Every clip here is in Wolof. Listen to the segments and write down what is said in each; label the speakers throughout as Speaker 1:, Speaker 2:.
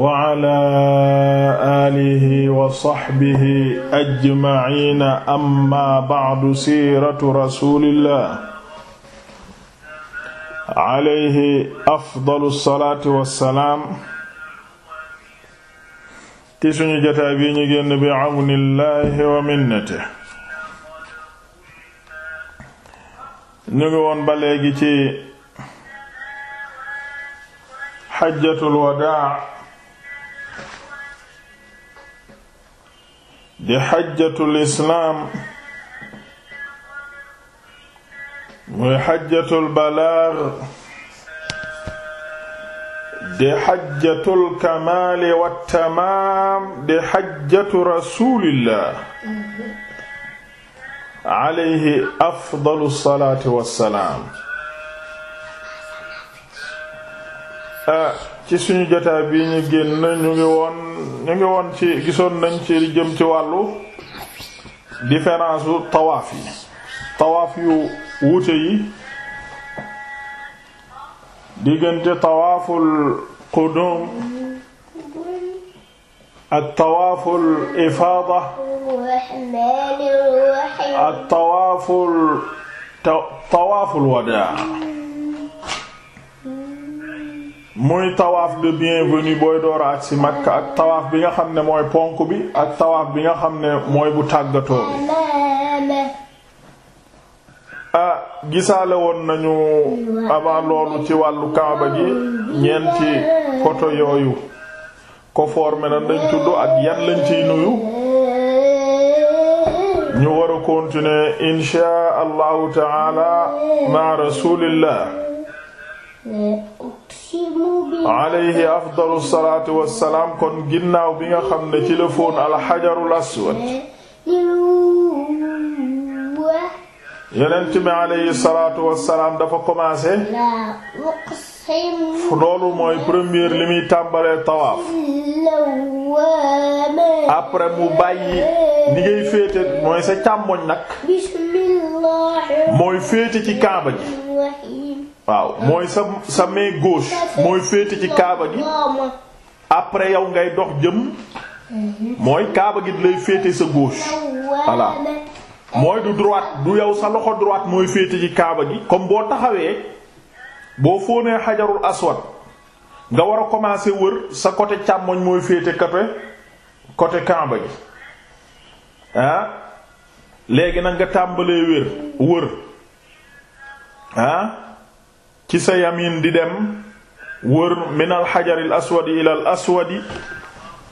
Speaker 1: wa ala alihi wa sahbihi ajmaina amma ba'du siiratu rasulillah alayhi afdalu wassalaam ci suñu jotaay bi ñu génn bi awnillahi wa minnatihi ñu ngi woon ba léegi ci hajjatul di xajjatul islaam muy xajjatul balaag di xajjatul kamaali wa tamaam di xajjatu rasulillah alayhi afdalu salaati wa salaam. Ah, ci suñu jotaay bii ñu génn ñu ngi woon ci gisoon nañ ci jëm ci wàllu différence u tawaaf yi tawaaf yu wuute yi diggante tawaaful qudum ak tawaaful ifaada ak tawaaful tawaaful wadaa muy tawaaf de bienvenue booy doora ak si Makka ak tawaaf bi nga xam ne mooy ponk bi ak tawaaf bi nga xam ne mooy bu tàggatoo bi ah gisaale woon nañu avant ci wàllu kaaba gi ñeenti poto yooyu ko formé na dañ tudd ak yan lañ ciy nuyu ñu wara a continuer insha allahu taala ma rasulillah alayhi afdalu salaatu wassalaam kon ginnaaw bi nga xam ne ci la foon alxajarul aswad yonent bi dafa commencé loolu mooy première li muy tàmbalee tawaaf après mu bàyyi ni ngay mooy sa càmmoñ nag mooy féete ci kaaba ji waaw mooy sa sa main gauche mooy féete ci kaaba gi après yow ngay dox jëm mooy kaaba gi lay féete sa gauche voilà mooy du droite du yow sa loxo droite mooy féete ci kaaba gi comme boo taxawee boo fóonee xajarul aswad nga war a commencer wër sa côté càmmoñ mooy féete côté côté kaaba gi ah léegi nag nga tàmbalee wër wër ah ci sa yamin di dem wër min al xajaril ila al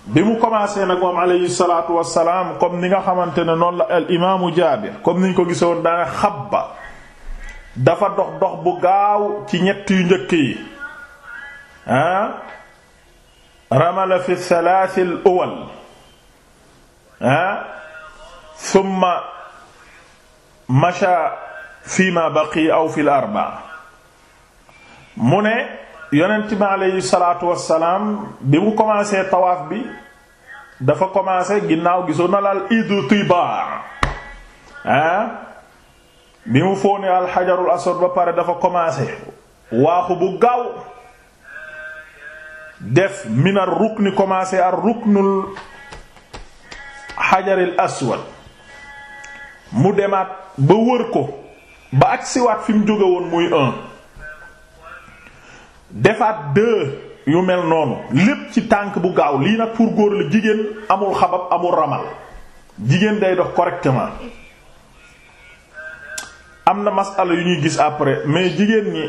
Speaker 1: bi mu commencé nag moom alayhi salaatu wassalaam comme ni nga xamante ne noon la al imaamu jaabir ni niñ ko gisoon daana xabba dafa dox dox bu gaaw ci ñett yu njëkk yi ah ramala fi thalath al awwal ah thumma baqi aw fi al mu ne yonent bi aleyhi salaatu wassalaam bi mu commencé tawaaf bi dafa commencé ginnaaw gisoon na la al idtibar ah bi mu fóonee al xajarul aswad ba pare dafa commencé waaxu bu gaaw def min ar rukni commencé ar ruknul xajaril aswad mu demaat ba wër ko ba waat fi mu jóge woon muy un defaat deux yu mel noonu lépp ci tànk bu gaaw lii nag pour góor la jigéen amul xabab amul ramal jigéen day dox correctement am na masala yu ñuy gis après mais jigéen ñi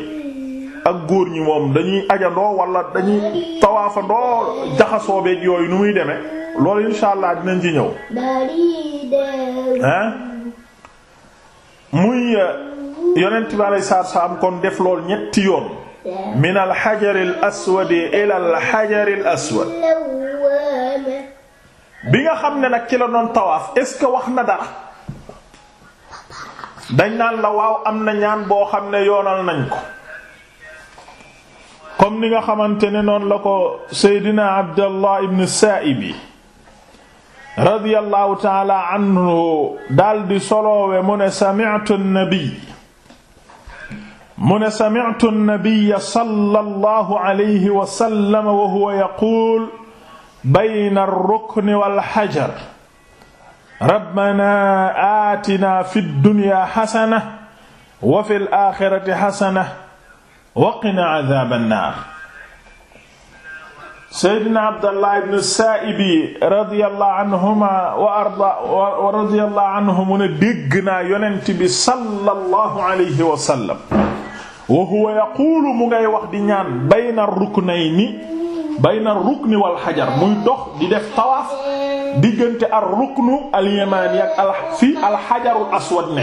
Speaker 1: ak góor ñi moom dañuy ajandoo walla dañuy tawaafandoo jaxasoo beeg yooyu nu muy deme lool insha allah dinañ ci ñëw muy euh, yonent bi aleyhi salaatu salaam kon def lool ñetti yoon min alxajar alaswad ila alxajar alaswad bi nga xam ne nag ci la doon tawaaf est wax na dara dañ naan la waaw am na ñaan boo xam ne yoonal nañ ko comme ni nga xamante ne noonu la ko seydina abdallah ibn saa'ibi radiyallahu taala anhu daldi soloowe mu ne sami'tu an-nabi mu ne sami'tu an-nabiyya sallallahu alayhi wa sallam wa huwa yaqul bayna ar-rukni wal hajar rabbana aatina fid dunya hasana wa fil aaxirati hasana wa qina adaaban naar Seydina Abdallah ibn Saa'ibi radiyallahu anhuma wa arda wa radiyallahu anhu mu ne dégg naa yonent bi sallallahu alayhi wa sallam wa huwa mu ngay wax di ñaan bayna ruknayni bayna rukni wa xajar muy dox di def tawaaf diggante ar ruknu al yamani ak fi al aswad ne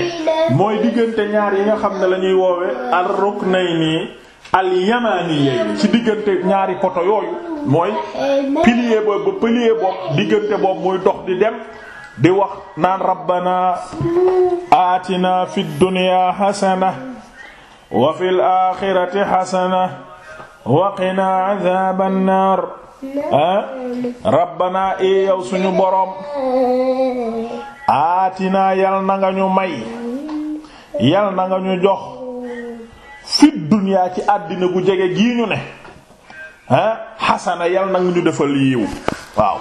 Speaker 1: mooy diggante ñaar yi nga xam ne la ñuy woowe ar ruknayni al yamani ci diggante ñaari poto yooyu mooy pilier boobu ba pilier diggante boobu muy dox di dem di wax naan rabbana atina fid dunya hasana wa fil aaxirati xasana wa qinaa adaaban naar ah eh? rabbanaa ee yow suñu boroom aatinaa yal na nga ñu may yal na nga ñu jox fi duniyaa ci àddina gu jege gii ñu ne ah xasana yal na nga ñu defal yiw waaw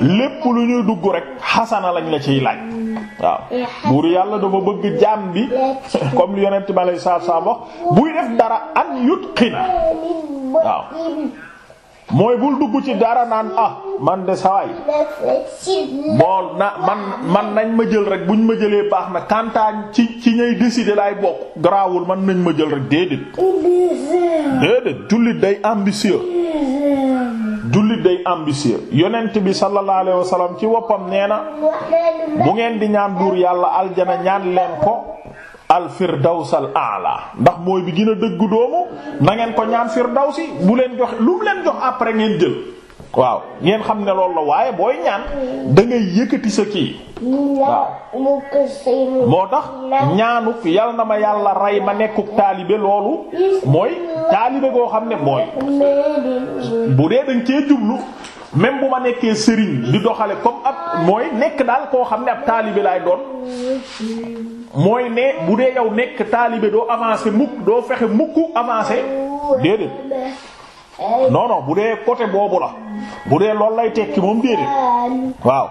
Speaker 1: lépp lu ñuy dugg rek xasana lañ la ciy laaj waaw buur yàlla dafa bëgg jaam bi comme li yonent bi alay saa saa wax buy def dara an yutqina waaw mooy bul dugg ci dara naan ah man de sawaay bool man man nañ ma jël rek buñ ma jëlee baax na kantaan ci ci ñay décider laay bokk garaawul man nañ ma jël rek déedéet déedéet jullit day ambitieux jullit day ambitieux yonent bi sallallahu alayhi wa ci woppam nee na bu ngeen di ñaan buur yàlla aljana ñaan leen ko al firdawsal a'la ndax mooy bi gën a dëggu doomu na ngeen ko ñaan firdawsi bu leen joxe lu mu leen jox après ngeen jël waaw ngeen xam ne loolu la waaye booy ñaan da yëkkati sa kii waaw moo tax ñaanuk yal na ma yàlla rey ma nekkuk taalibe loolu mooy taalibe goo xam ne mooy bu dee dañ cee jublu même bu ma nekkee sëriñ di doxale comme ak mooy nekk daal koo xam ne ab taalibe laay doon mooy ne bu dee yow nekk taalibe doo avancer mukk doo fexe mukk avancer déedéet non bu dee côté boobu la bu dee loolu lay tekki moom déedéet waaw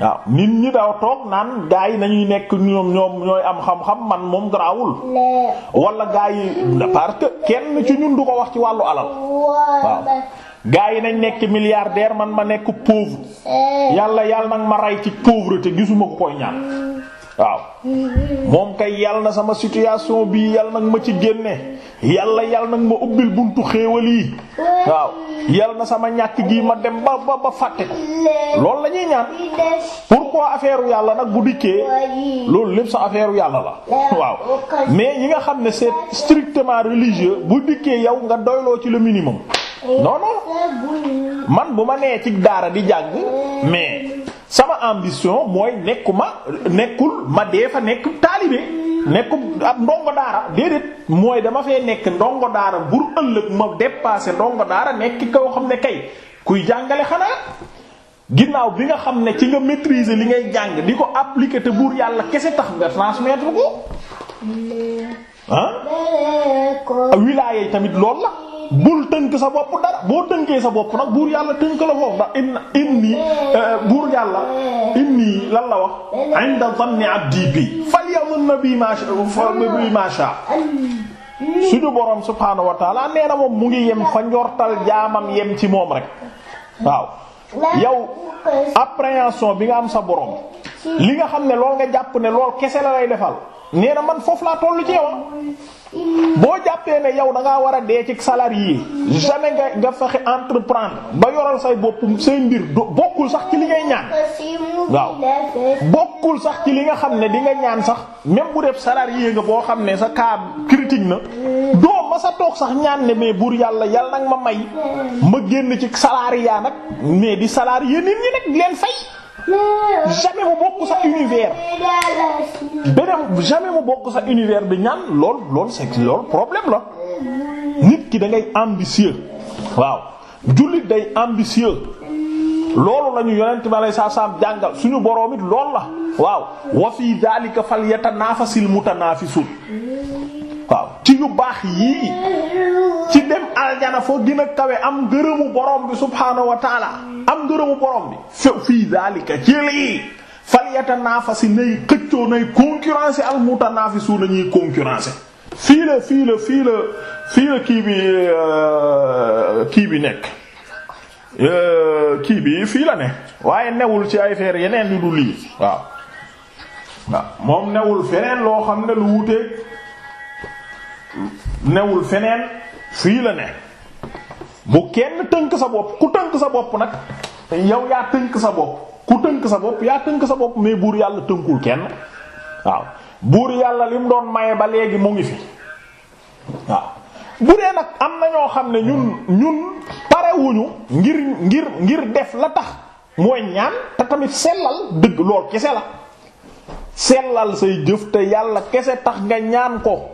Speaker 1: waaw nit ñi daaw toog naan gaa yi nañuy nekk ñoom ñoom ñooy am xam-xam man moom grawul wala gaa yi parce que kenn ci ñun du ko wax ci wàllu alal waaw gaa yi nañ nekk milliardaire man ma nekk pauvre eh. yàlla yàlla nag ma rey ci pauvreté gisuma ko koy ñaan mm. waaw moom kay yal na sama situation bii yal nag ma ci génne yàlla yàlla nag ma ubbil buntu xéewal yi waaw yal na sama ñàkk gi ma dem ba ba ba fàtte ko loolu lañuy ñuy ñaan pourquoi affaire u yàlla nag bu dikkee loolu lépp sa affaire yàlla la waaw mais yi nga xam ne c'est strictement religieux bu dikkee yow nga doyloo ci le minimum non man bu ma nee ci daara di jàgg mais. sama ambition mooy nekkuma nekkul ma dee fa nekk taalibe nekku ab ndongo daara déedéet mooy dama fee nekk ndongo daara bur ëllëg ma dépasser ndongo daara nekk koo xam ne kay kuy jàngale xanaa ginnaaw bi nga xam ne ci nga maîtriser li ngay jàng di ko appliquer te buur yàlla kese tax nga transmettre ko ah wilaaya yi tamit lool la bul tënk sa bopp dara boo tënkee sa bopp nag buur yàlla tënk la foofu ndax in inni euh, buur yàlla inni lan la wax inda dhanni abdi bi falyamna bi ma sha bi ma sha suñu borom subhaanahu wa taala nee na moom mu ngi yem fa njortal jaamam yem ci moom rek waaw yow appréhension bi nga am sa borom li nga xam ne lool nga jàpp ne lool kese la lay defal nee na man foofu laa tollu ci yow boo jàppee ne yow da ngaa war a dee ci salarié jamais nga nga fexe entreprendre ba yoral say bopp say mbir bokkul sax ci li ngay ñaan waaw bokkul sax ci li nga xam ne di nga ñaan sax même bu def salarié nga boo xam ne sa cas critique na doo ma sa toog sax ñaan ne mais buur yàlla yàlla nag ma may ma génn ci salariat nag mais di salarié nit ñi nag leen fay. jamais mu bokk sa univers beneen jamais mu bokk sa univers bi ñaan lool lool c'est lool problème la nit ki da ngay ambitieux waaw jullit day ambitieux loolu lañu ñu yonent bi alay saa saam jàngal suñu boroom it lool la waaw wa fi dhalika falyatanafasil mutanafisun waaw ci yu baax yii ci dem aljana foo gën kawe am ngërëmu borom bi am ngërëmu borom bi fii daalika ci lii falyatanaafasi nay xëccoo nay concurrence al mutanaafisu na ñuy concurrence fii la fii la fii la fii kii bi euh, kii bi nekk euh, kii bi fii la ne waaye newul ci ay feer yeneen yu du lii waaw moom newul feneen loo xam ne lu wuteek newul feneen fii la ne bu kenn tënk sa bopp ku tënk sa bopp nag yow yaa tënk sa bopp ku tënk sa bopp yaa tënk sa bopp mais buur yàlla tënkul kenn waaw buur yàlla li mu doon maye ba léegi mu ngi fi waaw bu nag am na ñoo xam ne ñun ñun parewuñu ngir ngir ngir def la tax mooy ñaan te tamit sellal dëgg lool kese la sellal say jëf te yàlla kese tax nga ñaan ko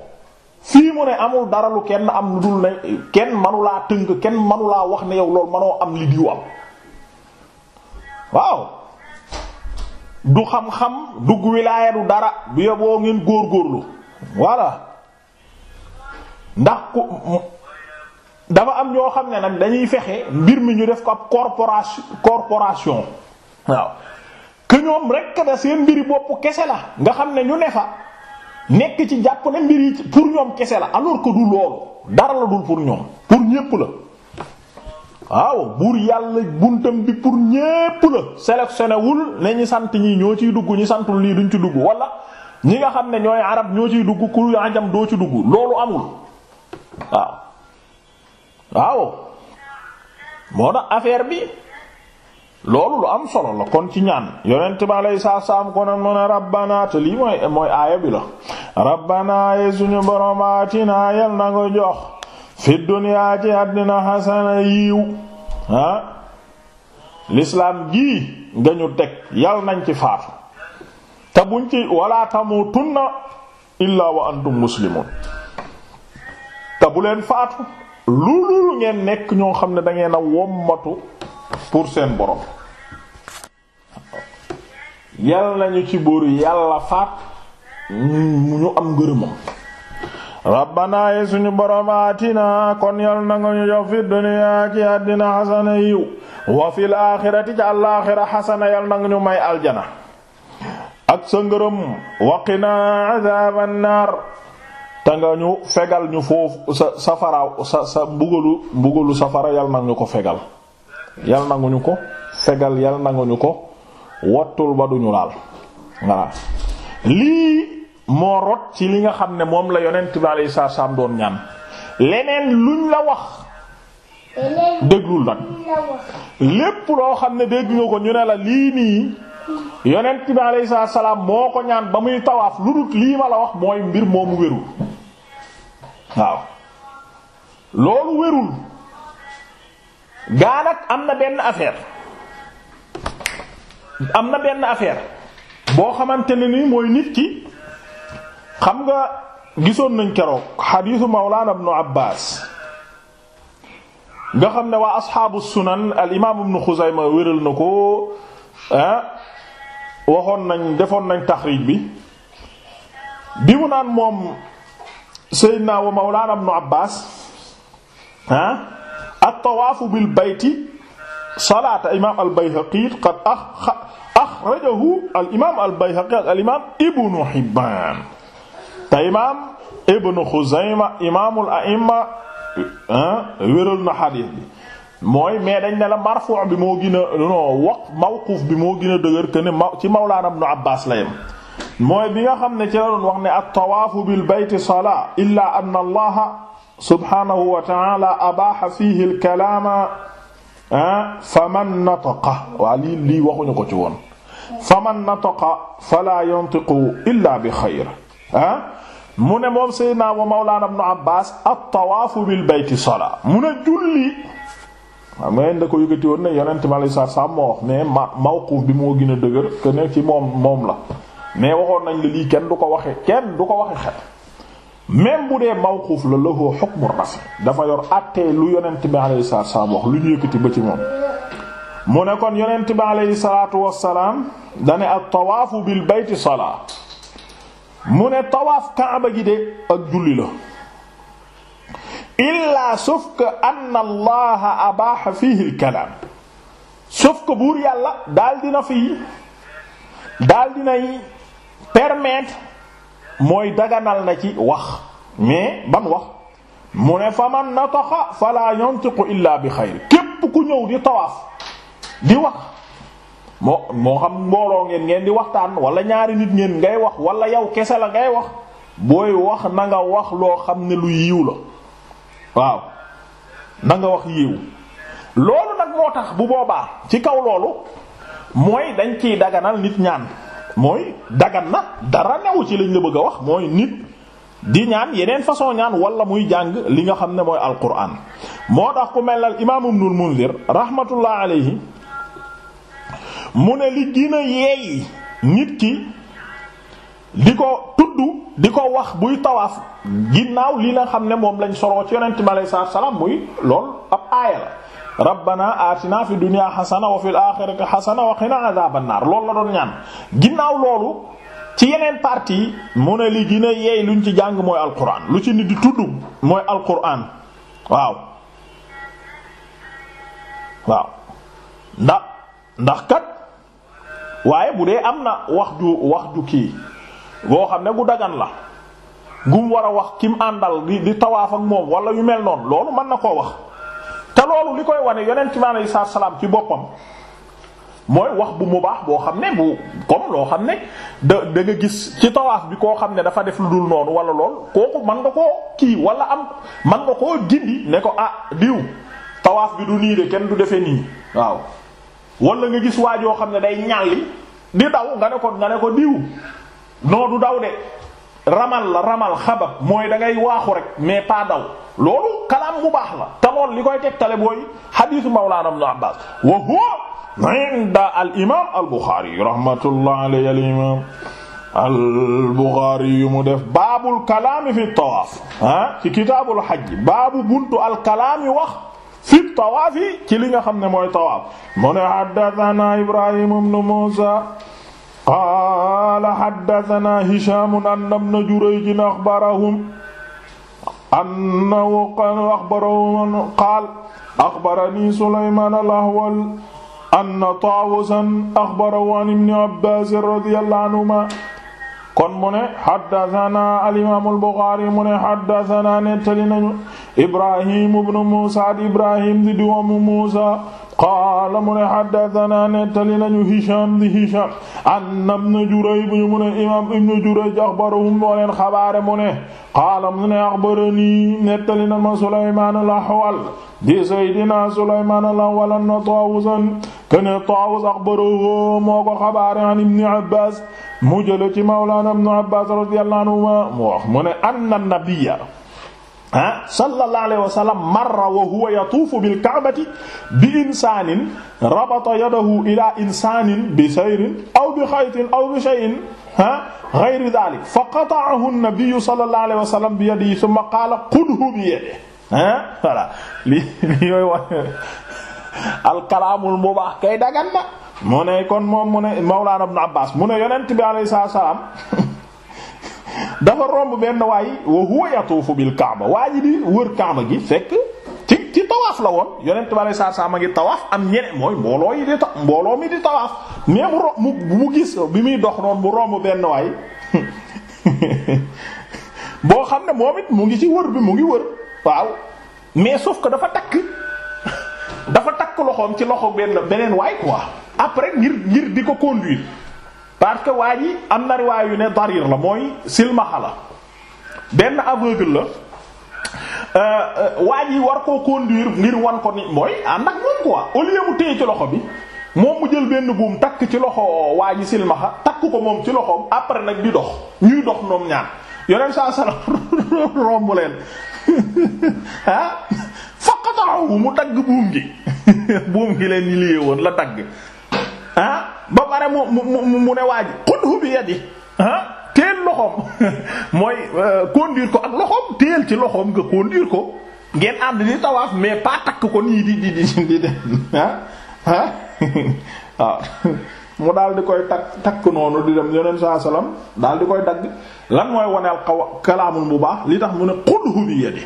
Speaker 1: fii mu ne amul dara lu kenn am lu dul ne kenn manulaa tënk kenn manulaa wax ne yow loolu manoo am li diw am waaw du xam-xam dugg wilaaya du dara bu yoboo ngeen góor-góorlu voilà ndax ku dafa am ñoo xam ne nag dañuy fexe mbir mi ñu def ko ab corporation corporation waaw que rekk da seen mbiri bopp kese la nga xam ne ñu ne fa nekk ci jàpp na mbir yi pour ñoom kese la alors ko du loolu dara la dul pour ñoom pour ñépp la waaw buur yàlla buntam bi pour ñépp la sélectionné ne ñi sant ñi ñoo ciy dugg ñi santul lii duñ ci dugg wala ñi nga xam ne ñooy arab ñoo ciy dugg ku ajam doo ci dugg loolu amul waaw waaw moo tax affaire bi loolu lu am solo la kon ci ñaan yonent bi alayhi salaam kon mu ne rabbana te lii mooy mooy aaya bi la rabbana ye suñu borom atina yal na nga jox fi duniyaa ci àddina xasana yiiw lislaam gii nga ñu teg yal nañ ci faatu te buñ ci wala tamutunna illaa wa antum muslimun te bu leen faatu lu lu ngeen nekk ñoo xam ne dangeen a wommatu pour seen borom yal nañu ci buur yàlla faat mu ñu am ngërëmam rabbana yi suñu borom atina kon yal na nga ñu jox fi duniyaa ci àddina xasana yiw wa fil aaxirati ci àllaaxira xasana yal na nga ñu may aljana ak sa ngërëm waqina adaaban naar te nga ñu fegal ñu foofu sa safaraaw sa sa mbugalu mbugalu safara yal na nga ñu ko fegal yal nanguñu ko fegal yal nanguñu ko wattul ba duñu laal voilà lii moo rot ci li nga xam ne moom la yonent bi sa salaam doon ñaan leneen luñ la wax déglul nag lépp loo xam ne dégg nga ko ñu ne la lii nii yonent bi alayhi salaam moo ko ñaan ba muy tawaaf lu dul lii ma la wax mooy mbir moomu wérul waaw loolu wérul gaa am na benn affaire am na benn affaire boo xamante ne ni mooy nit ki xam nga gisoon nañ keroog xadiisu mawlaana ibnu Abbaas nga xam ne waa asxaabu sunan al imaam ibnu Xuzayma wéral na ko ah waxoon nañ defoon nañ taxriij bi bi mu naan moom Seydina wa mawlaana ibnu Abbaas ah at-tawaafu bil bayti salaata imaam al-Bayhaqi qad axrajahu al-imaam al-Bayhaqi ak al-imaam Ibnu Hibbaan te imaam Ibnu Xuzayma imaamul a'imma ah, wéral na xadiis bi mooy mais dañ ne la marfuu bi moo gën a non waqf mawquuf bi moo gën a dëgër que ne ci Mawlaana Ibnu Abbaas la yem. mooy bi nga xam ne ci la doon wax ne at-tawaafu bil bayti salaa illaa anna Allaha subhaanahu wa ta'ala abaaxa fiihi al-kalaama faman nataqa waa lii lii waxuñu ko ci woon faman nataqa fala yantiqu illa bi xayr ah mu ne moom sayyidina wa mawlaana ibnu Abbaas at-tawaafu bil bayti salaa mu ne julli xam nga da ko yëgati woon ne yonent mi alayhi salaatu salaam moo wax mais ma mawquuf bi moo gën a dëgër que ne ci moom moom la mais waxoon nañ la lii kenn du ko waxe kenn du ko waxe xel même bu dee mawquuf la lahu hukmu raf dafa yor àttee lu yonent bi alayhi salaatu wassalaam wax lu ñu yëkkati ba ci moom mu ne kon yonent bi alayhi salaatu wassalaam dane ak tawaafu bil bayti salaa mu ne tawaaf kaaba gi de ak julli la illa sauf que anna allaha abaaxa fiihi al kalaam sauf que buur yàlla daal dina fi daal dinay permettre mooy daganal na ci wax mais ban wax mu ne fa man nataxa fala yantiqu illa bi xayr képp ku ñëw di tawaaf di wax moo moo xam mbooloo ngeen ngeen di waxtaan wala ñaari nit ngeen ngay wax walla yow kese la ngay wax booy wax na nga wax loo xam ne lu yiw la waaw na nga wax yiw loolu nag moo tax bu boobaa ci kaw loolu mooy dañ ciy daganal nit ñaan mooy dagan na dara newu ci lañ la bëgg a wax mooy nit di ñaan yeneen façon ñaan wala muy jàng li nga xam ne mooy alquran moo tax ku mel ne imaam Ibnul Munzir rahmatullah alayhi mu ne li gën a nit ki di ko tudd di ko wax buy tawaaf ginnaaw li nga xam ne moom lañ solo ci yonent bi alayhi salaam muy lool ab aaya la. rabbana atina fi dunya xasana wa fil axirati xasana wa qina adhaban naar loolu la doon ñaan ginnaaw loolu ci yeneen partie mu ne li gën a yeey luñ ci jàng mooy alquran lu ci nit di tudd mooy alquran waaw waaw ndax ndax kat waaye bu dee am na wax ju wax ju kii boo xam ne gu dagan la gum war a wax kim àndal di di tawaaf ak moom wala yu mel noonu loolu mën na koo wax te loolu li koy wane yonent bi alayhi salaatu salaam ci boppam mooy wax bu mu baax boo xam ne bu comme loo xam ne da danga gis ci tawaaf bi koo xam ne dafa def lu dul noonu wala lool kooku man nga koo kii wala am man nga koo gindi ne ko ah diw tawaaf bi du nii de kenn du defee nii waaw wala nga gis waa yoo xam ne day ñàlli di daw nga ne ko nga ne ko diw noo du daw de ramal la ramal xabab mooy da ngay waaxu rek mais pas daw loolu kalaam bu baax la te lool li koy tegtale booy xadiisu mawlaana ibnu abbaas wa huwa inda al imaam al buxaari rahmatullahi alayhi al imaam al buxaari mu def baabul kalaami fi tawaaf ah ci kitaabul xaj baabu buntu al kalaami wax fi tawaaf yi ci li nga xam ne mooy tawaaf mu ne haddasanaa ibraahiim ibnu muusaa qaala haddasanaa hishaam an ibnu jurayj axbarahum annahu axbarahum qaal axbarani Sulaymaan al-Ahwal anna Taawusan axbarahu an ibni Abbaas radiyallahu anhumaa kon mu ne haddasanaa al-imaam al-Buxaari mu ne haddasanaa nettali nañu Ibraahiim ibnu Muusaa Ibraahiim di doomu Muusaa qaala mu ne haddathana nettali nañu Hisham di Hisham an ibn Jurayj mu ne imam ibn Jurayj axbarahum moo leen xabaare mu ne qaala mu ne axbarani nettali na ma Sulaymaan al-Ahwal di Seydina Sulaymaan al-Ahwal anna Taawusan kana Taawus axbarahu moo ko xabaare an ibn Abbaas mu jële ci mawlaana ibn Abbaas radiyallahu anhu mu wax mu ne anna nabiyya ah sallallahu alayhi wa sallam marra wa huwa yatuufu bil ka'bati bi insaanin rabata yadahu ila insaanin bi sayrin aw bi xaytin aw bi shay'in ah ghayri dhalik fa qata'ahu an-nabiyyu sallallahu alayhi wa sallam bi yadihi thumma qaala qudhu bi yadihi ah voilà lii yooyu wax al-kalaamul mubaah kay dagan na mu ne kon moom mu ne Mawlaana Ibn Abbaas mu ne yonent bi alayhi salaam dafa romb benn waay wa huwa yatuufu bil kaaba waa ji di wër kaaba gi fekk ci ci tawaaf la woon yonent bale saa saa ma ngi tawaaf am ñene mooy mbooloo yi di ta mbooloo mi di tawaaf mais mu ro mu gis bi muy dox noonu mu romb benn waay boo xam ne moom it mu ngi ci wër bi mu ngi wër waaw mais sauf que dafa takk dafa takk loxoom ci loxo benn beneen waay quoi après ngir ngir di ko conduire. parce que waa ji am na yu ne darir la mooy silmaxa la benn aveugle la euh, waa ji war koo conduire ngir wan ko ni mooy ànd moom quoi au lieu mu téye ci loxo bi moom mu jël benn buum takk ci loxo waa ji silmaxa takk ko moom ci loxoom après nag di dox ñuy dox ñoom ñaan yoneen saa sala romb leen ah faqatahu mu dagg buum gi buum gi leen ñu woon la dagg ah ba pare mu mu mu ne waa ji xudhu bi yadi ah teel loxoom mooy euh, conduire ko ak loxoom teel ci loxoom nga conduire ko ngeen ànd di tawaaf mais pas takk ko nii di di di di de ah ah waaw mu daal di koy takk takk noonu di dem yoneen saa salaam daal di koy dagg lan mooy waneel xaw kalaamul bu baax li tax mu ne xudhu bi yadi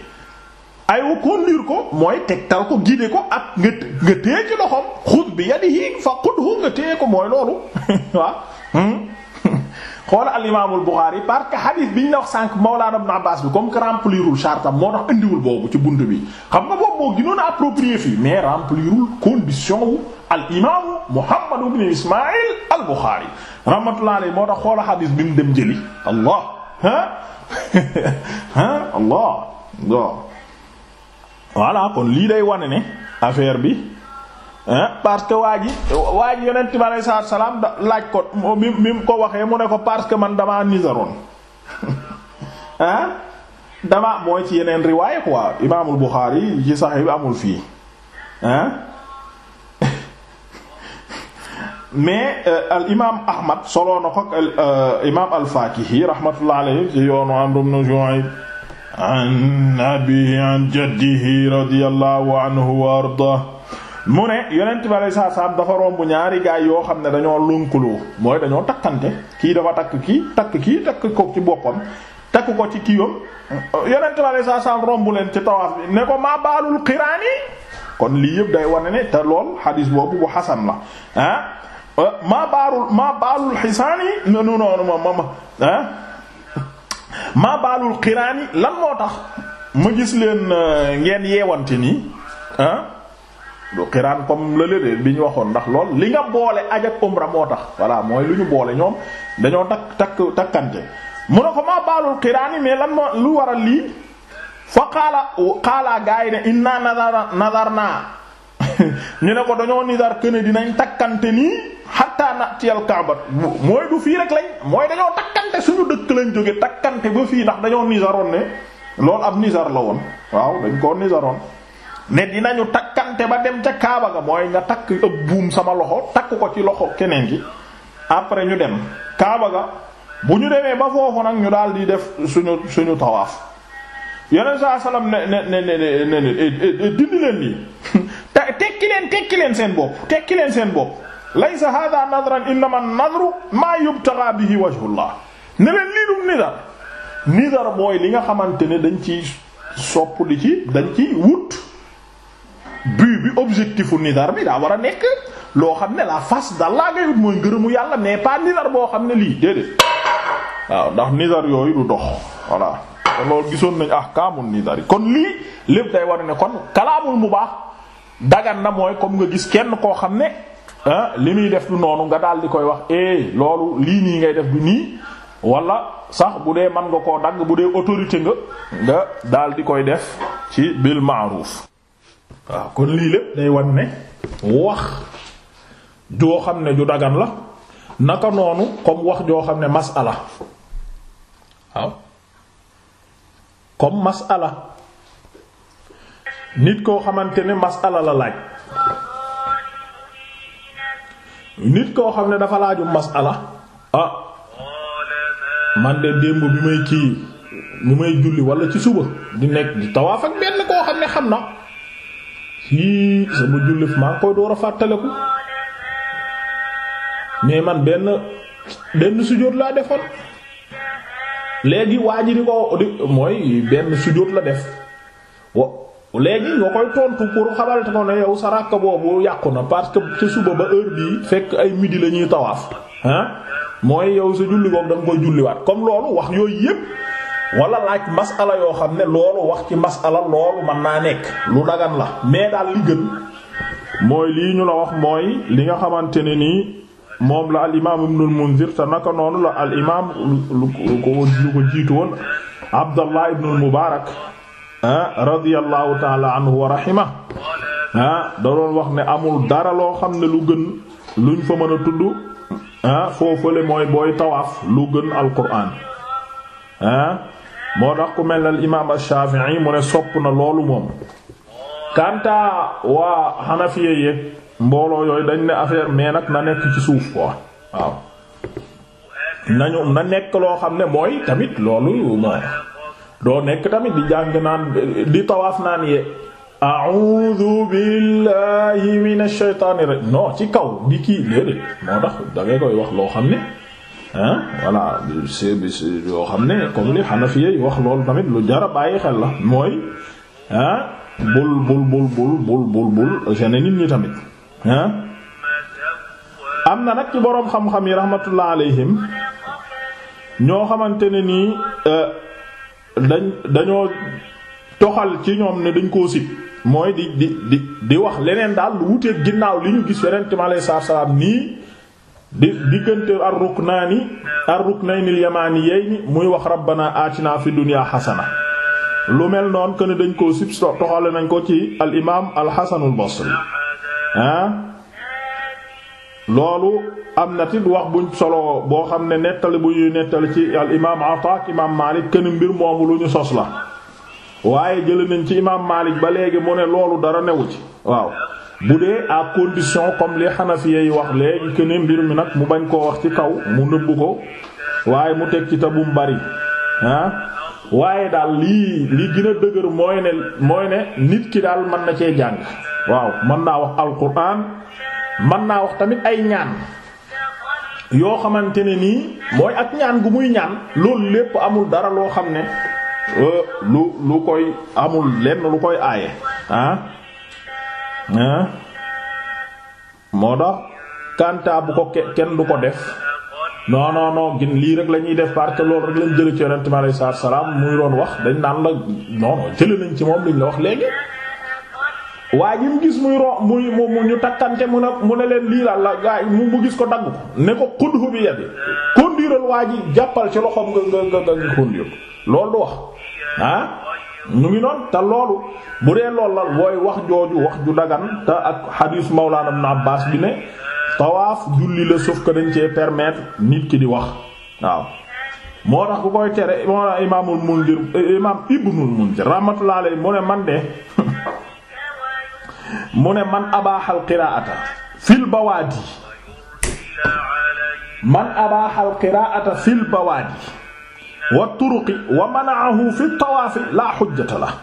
Speaker 1: ay wa conduire ko mooy tegtal ko guider ko ak nga nga loxo ci loxoom xud bi yadihi fa qudhu nga téye ko mooy loolu waaw hmm? xoola al imaamul Buxaari que hadith bi ñu la wax sànq Mawlaana Ibn Abbaas comme que remplirul chartam moo tax indiwul boobu ci bunt bi xam nga boobu moo gënoon a approprié fii mais remplirul condition wu al Muhammad ibn Ismaïl al Buxaari rahmatullahi alayhi moo tax xoola hadith bi mu dem jëli allah ah ah allah allah voilà kon lii day wane ne affaire bi parce que waa ji waa ji yonent salaam laaj ko mi mi ko waxee mu ne ko parce que man damaa nizaroon ah damaa mooy ci yeneen riwaay quoi imaamul Buxaari ci Sahih amul fii mais euh, al imaam Ahmad solo ko euh, imaam al Faakihi rahmatullahi alayhi ci yoonu Amr ibn Shu'ayb an abihi an jaddihi radiyallahu anhu wa arda mu ñaari gaay yoo xam ne dañoo lunkuloo mooy dañoo takkante kii dafa takk kii takk kii takk ko ci boppam takk ko ci kiiwam yonent bi alayhi salaam romb leen ci tawaaf bi ne ko maa baalul qiraani kon lii yëpp day wane ne te lool xadiis boobu bu xasan la ah maa baalul maa xisaani non non non ma ma ah maa baalul xiraan lan moo tax ma gis leen euh, ngeen yeewante nii ah du xiraan comme la lédée bi ñu waxoon ndax lool li nga boole aj ak umra moo tax voilà mooy lu ñu boole ñoom dañoo takk takk takkante mu ne ko maa baalul xiraan yi mais lan moo lu waral lii fa xaala xaalaa gaa yi ne inna nazar nazar naa ñu ne ko dañoo nizar këne dinañ takkante nii hatta natiyal kaaba fii rek lañ mooy dañoo takkante dëkk lañ jóge takkante ba fii ndax dañoo nisaroon ne loolu ab nisar la woon waaw dañ koo nisaroon ne dinañu takkante ba dem ca kaaba ga mooy nga takk buum sama loxo takk ko ci loxo keneen gi après ñu dem kaaba ga bu ñu demee ba foofu nag ñu daal di def suñu suñu tawaaf yeneen saa salaam ne ne ne ne ne dindi leen lii tekki leen tekki leen seen bopp tekki leen seen bopp laysa hada nadran innama ma maa yubtaga bihi wajhullah ne lii dum nidar nidar mooy li nga xamante ne dañ ci sopp di ci dañ ci wut but bi objectifu nidar bi daa war a nekk loo xam ne la face d'Allah ngay wut mooy ngërëmu yàlla mais pas nidar boo xam ne lii déedéet waaw ndax nidar yooyu du dox voilà loolu gisoon nañ ah kaamul yi kon lii lépp day war ne kon kalaamul mu baax dagan na mooy comme nga gis kenn koo xam ne Ah, li muy def du noonu nga daal di koy wax eh loolu lii nii ngay def du nii wala sax bu dee man nga koo dagg bu dee autorité nga nga daal di koy def ci bil ma'ruf waaw kon lii lépp day wan ne wax joo xam ne ju dagan la naka noonu comme wax joo xam ne masala waaw comme masala nit koo xamante ne masala la laaj nit koo xam ne dafa laaju masala ah man de démb bi may kii bi may julli wala ci suba di nekk di tawaaf ak benn koo xam ne xam na yii sama julli maa koy door a fàttaliku mais man benn benn sujjóot laa defoon léegi waa ji di ko di mooy benn sujjóot la def léegi nga koy tontu pour xamal ko ne yow sa rakk boobu yàqu na parce que ca suba ba heure bii fekk ay midi la ñuy tawaaf ah mooy yow sa julli boobu da nga koy julliwaat comme loolu wax yooyu yépp wala laaj masala yoo xam ne loolu wax ci masala loolu mën naa nekk lu dagan la mais daal li gën mooy lii ñu la wax mooy li nga xamante ne nii moom la al imaam ibnul munzir te naka noonu la al imaam lu ko lu ko jiitu woon abdallah ibnul mubaarak ah radiyallahu taala anhu wa rahima ah da doon wax ne amul dara loo xam ne lu gën luñ fa mën a tudd ah foofale mooy booy tawaaf lu gën alquran ah moo tax ku mel ne imaam Shaafi'i mu ne sopp na loolu moom. Kanta waa Hanafiya yeeg mbooloo yooyu dañ ne affaire mais nag na nekk ci suuf quoi waaw nañu na nekk loo xam ne mooy tamit loolu moom. doo nekk tamit di jàng naan di tawaaf naan yee a'udhu billahi minash shaytaanir rajiim non ci kaw di kii léeg moo tax da koy wax loo xam ne ah voilà c'est yoo xam ne comme li Hanafiya yi wax loolu tamit lu jara bàyyi xel la mooy ah bul bul bul bul bul bul bul gene nit ñi tamit ah am na nag ci boroom xam-xam yi rahmatullah alayhim ñoo xamante ne nii euh, dañ dañoo toxal ci ñoom ne dañ koo sib mooy di di di wax leneen daal lu wuteeg ginnaaw li ñu gis yeneen mi aleyi salaatu salaam nii di diggante ar ruknaani ar ruknayni al yamaani yey ni muy wax rabbana atina fi dunya xasana lu mel noon que ne dañ koo sib toxale nañ ko ci al imaam al xasanul basri ah loolu am na tit wax bu solo boo xam ne nettali bu ñuy nettali ci al imaam Ataa imaam Maalik kenn mbir moomu lu ñu sos la waaye jëlee nañ ci imaam Maalik ba léegi mu ne loolu dara newu ci waaw bu dee à condition comme li Hanafiya yi wax léegi kenn mbir mi nag mu bañ koo wax ci kaw mu nëbb ko waaye mu teg ci ta bu bari ah. waaye daal lii li gën a dëgër mooy ne mooy ne nit ki daal mën na cee jàng waaw mën naa wax alquran man naa wax tamit ay ñaan yoo xamante ne nii mooy ak ñaan gu muy ñaan loolu lépp amul dara loo xam ne euh, lu lu koy amul lenn lu koy aaye ah, ah? moo tax kanta bu ko kenn du ko def non non gin lii rek la ñuy def parce que loolu rek lañ jële ci yonent mi alayhi salaam muy doon wax dañ naan la non non ci moom luñu la wax léegi waa ji mu gis muy ro mu ñu takkante mu ne mu ne leen lii la la gaa yi mu gis ko dagg ko ne ko xuddu bi yadi waa ji jàppal ci loxoom nga nga nga nga kondiir loolu du wax ah ñu ngi noonu te loolu bu dee loolu la booy wax jooju wax ju dagan te ak xadiis Mawlana Ibn Abbas bi ne tawaaf julli la sauf que dañ cee permettre nit ki di wax waaw moo tax ku koy tere moo tax imaamul Mundir imaam Ibnul Mundir rahmatullahi alayhi mu ne man de mu ne man abaaxal qiraata fil bawaadi man abaaxal qiraata fil bawaadi wa turuqi wa manaahu fi tawaafi laa xujjata la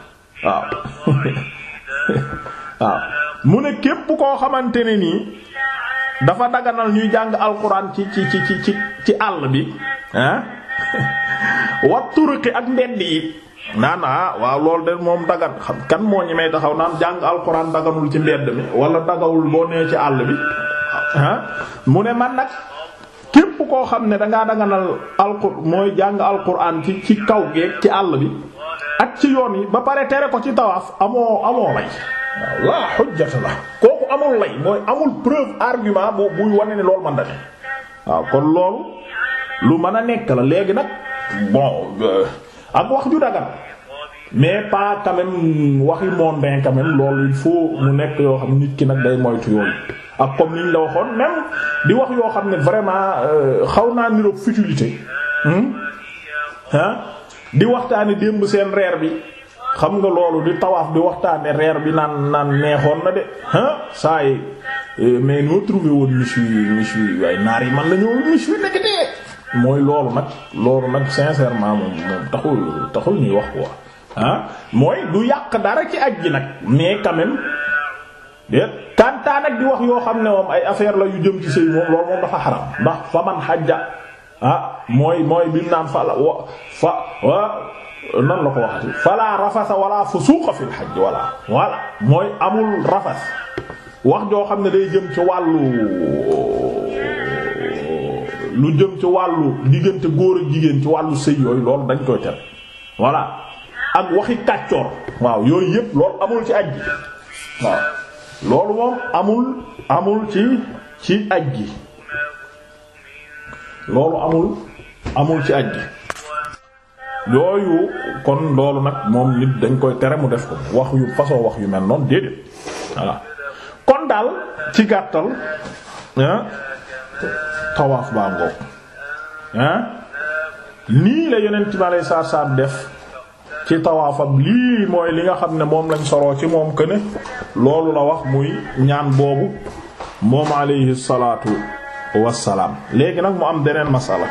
Speaker 1: waaw mu ne képp koo xamante ne nii dafa daganal ñuy jàng alquran ci ci ci ci ci àll bi ah wa turuqi ak mbedd yi naan ah, waaw loolu de moom dagan xam kan moo ñi may taxaw naan jàng alxuraan daganul ci mbedd mi wala dagawul boo ci àll bi ah, mu ne man nag képp koo xam ne danga daganal alxur mooy jàng alxuraan ci ci kaw geeg ci àll bi ak ci yoon yi ba pare tere ko ci tawaaf amoo amoo lay laa xujjata la kooku amul lay mooy amul preuve argument boo buy wane ne loolu man dane waaw kon loolu lu mën a nekk la léegi nag bon euh, ak wax ju dagan mais pas quand même waxi mondain quand même loolu il mu nekk yoo xam nit ki nag day moytu yooyu ak comme niñ la waxoon même di wax yoo xam ne vraiment euh, xaw naa niroog futilité ah di waxtaane démb seen reer bi xam nga loolu di tawaaf di waxtaane reer bi naan naan neexoon na de ah saa yi euh, mais noo trouvé woon monsieur monsieur waaye naar yi man la ñoo monsieur nekk de mooy loolu nag loolu nag sincèrement moom moom taxul taxul ñuy wax quoi ah mooy du yàq dara ci aj ji nag mais quand même déet kantaan nag di wax yoo xam ne moom ay affaire la yu jëm ci sëy moom loolu moom dafa xaram ndax fa man xajja ah mooy mooy bi naan fa la wa fa nan la ko waxati fala rafasa wala fusuqa fil xaj wala mooy amul rafas wax joo xam ne day jëm ci wàllu lu jëm ci wàllu diggante góor ak jigéen ci wàllu sëy yooyu loolu dañ koy tere voilà ak waxi kàccoor waaw yooyu yépp loolu amul ci aj gi loolu amul amul ci ci aj gi loolu amul ci aj yooyu kon loolu nag moom nit dañ koy tere mu def ko wax yu façon wax yu mel noonu déedéet voilà kon daal ci gàttal tawaaf baa ngoog ah nii la yonent bi aleyhi salaatu salaam def ci tawaafam lii mooy li nga xam ne moom lañ soroo ci moom que ne loolu la wax muy ñaan boobu moom aleyhi salaatu wassalaam léegi nag mu am beneen masala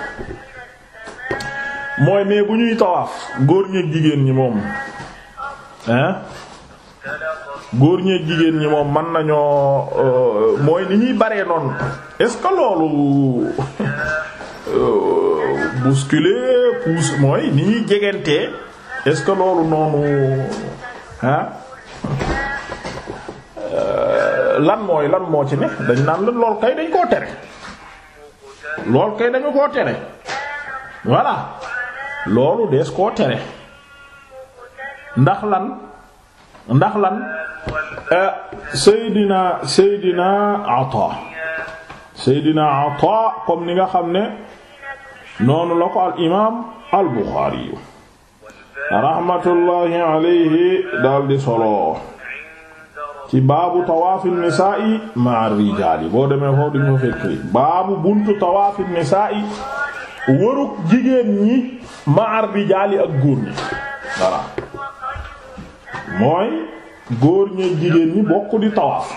Speaker 1: mooy mais bu ñuy tawaaf góor ñi jigéen ñi moom ah góor ñee jigéen ñi moom mën nañoo euh, mooy ni ñuy baree noonu est-ce que loolu euh, bousculer pousse mooy ni ñuy jegantee est-ce que loolu noonu ah lan mooy lan moo ci ne dañ naan la lool kay dañ koo tere lool kay dañu koo tere voilà loolu des koo tere ndax lan ndax lan Eh, Seydina Seydina Ata Seydina Ata comme ni nga xam ne noonu la ko al imaam al Buxaari rahmatullahi alayhi daal solo ci baabu tawaafin nisaa'i ma'a rijaali boo demee foofu duñu fekk baabu buntu tawaafin nisaa'i waruk jigéen ñi ma'a rijaali ak góor ñi mooy. góor ñee jigéen ñi bokk di tawaaf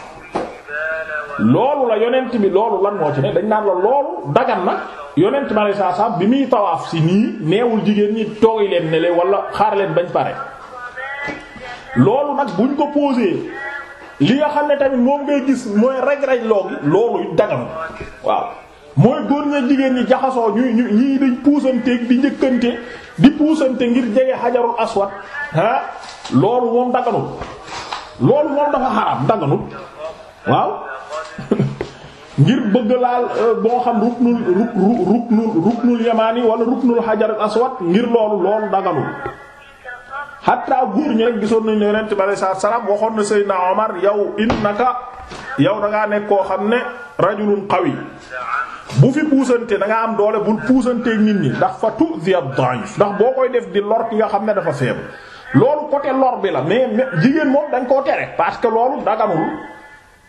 Speaker 1: loolu la yonent bi loolu lan moo ci ne dañ naan la loolu dagan na yonent bi alayhi salaam bi muy tawaaf si nii neewul jigéen ñi toogi leen ne leen wala xaar leen bañ pare loolu nag buñ ko posé li nga xam ne tamit moom ngay gis mooy raj-raj loogi loolu daganu waaw mooy góor ña jigéen ñi jaxasoo ñuy ñu ñii dañ puusanteeg di njëkkante di puusante ngir jege xajarul aswad ah loolu moom daganul loolu moom dafa xaraam daganut waaw ngir bëgg laal euh, boo xam ruknul ruknul ruknul yamaani wala ruknul hajar ngir loolu lool daganul xatta góor ñi gisoon nañu yonent bi alayhi salaatu salaam waxoon na Seydina Omar yow innaka yow dangaa ngaa nekk koo xam ne rajulun qawi bu fi puusante da ngaa am doole bul puusanteeg nit ñi ndax fa tu'zi ad-da'if ndax boo koy def di lor ki nga xam ne dafa faible. loolu côté lor bi la mais jigéen moom dañ koo tere parce que loolu daganul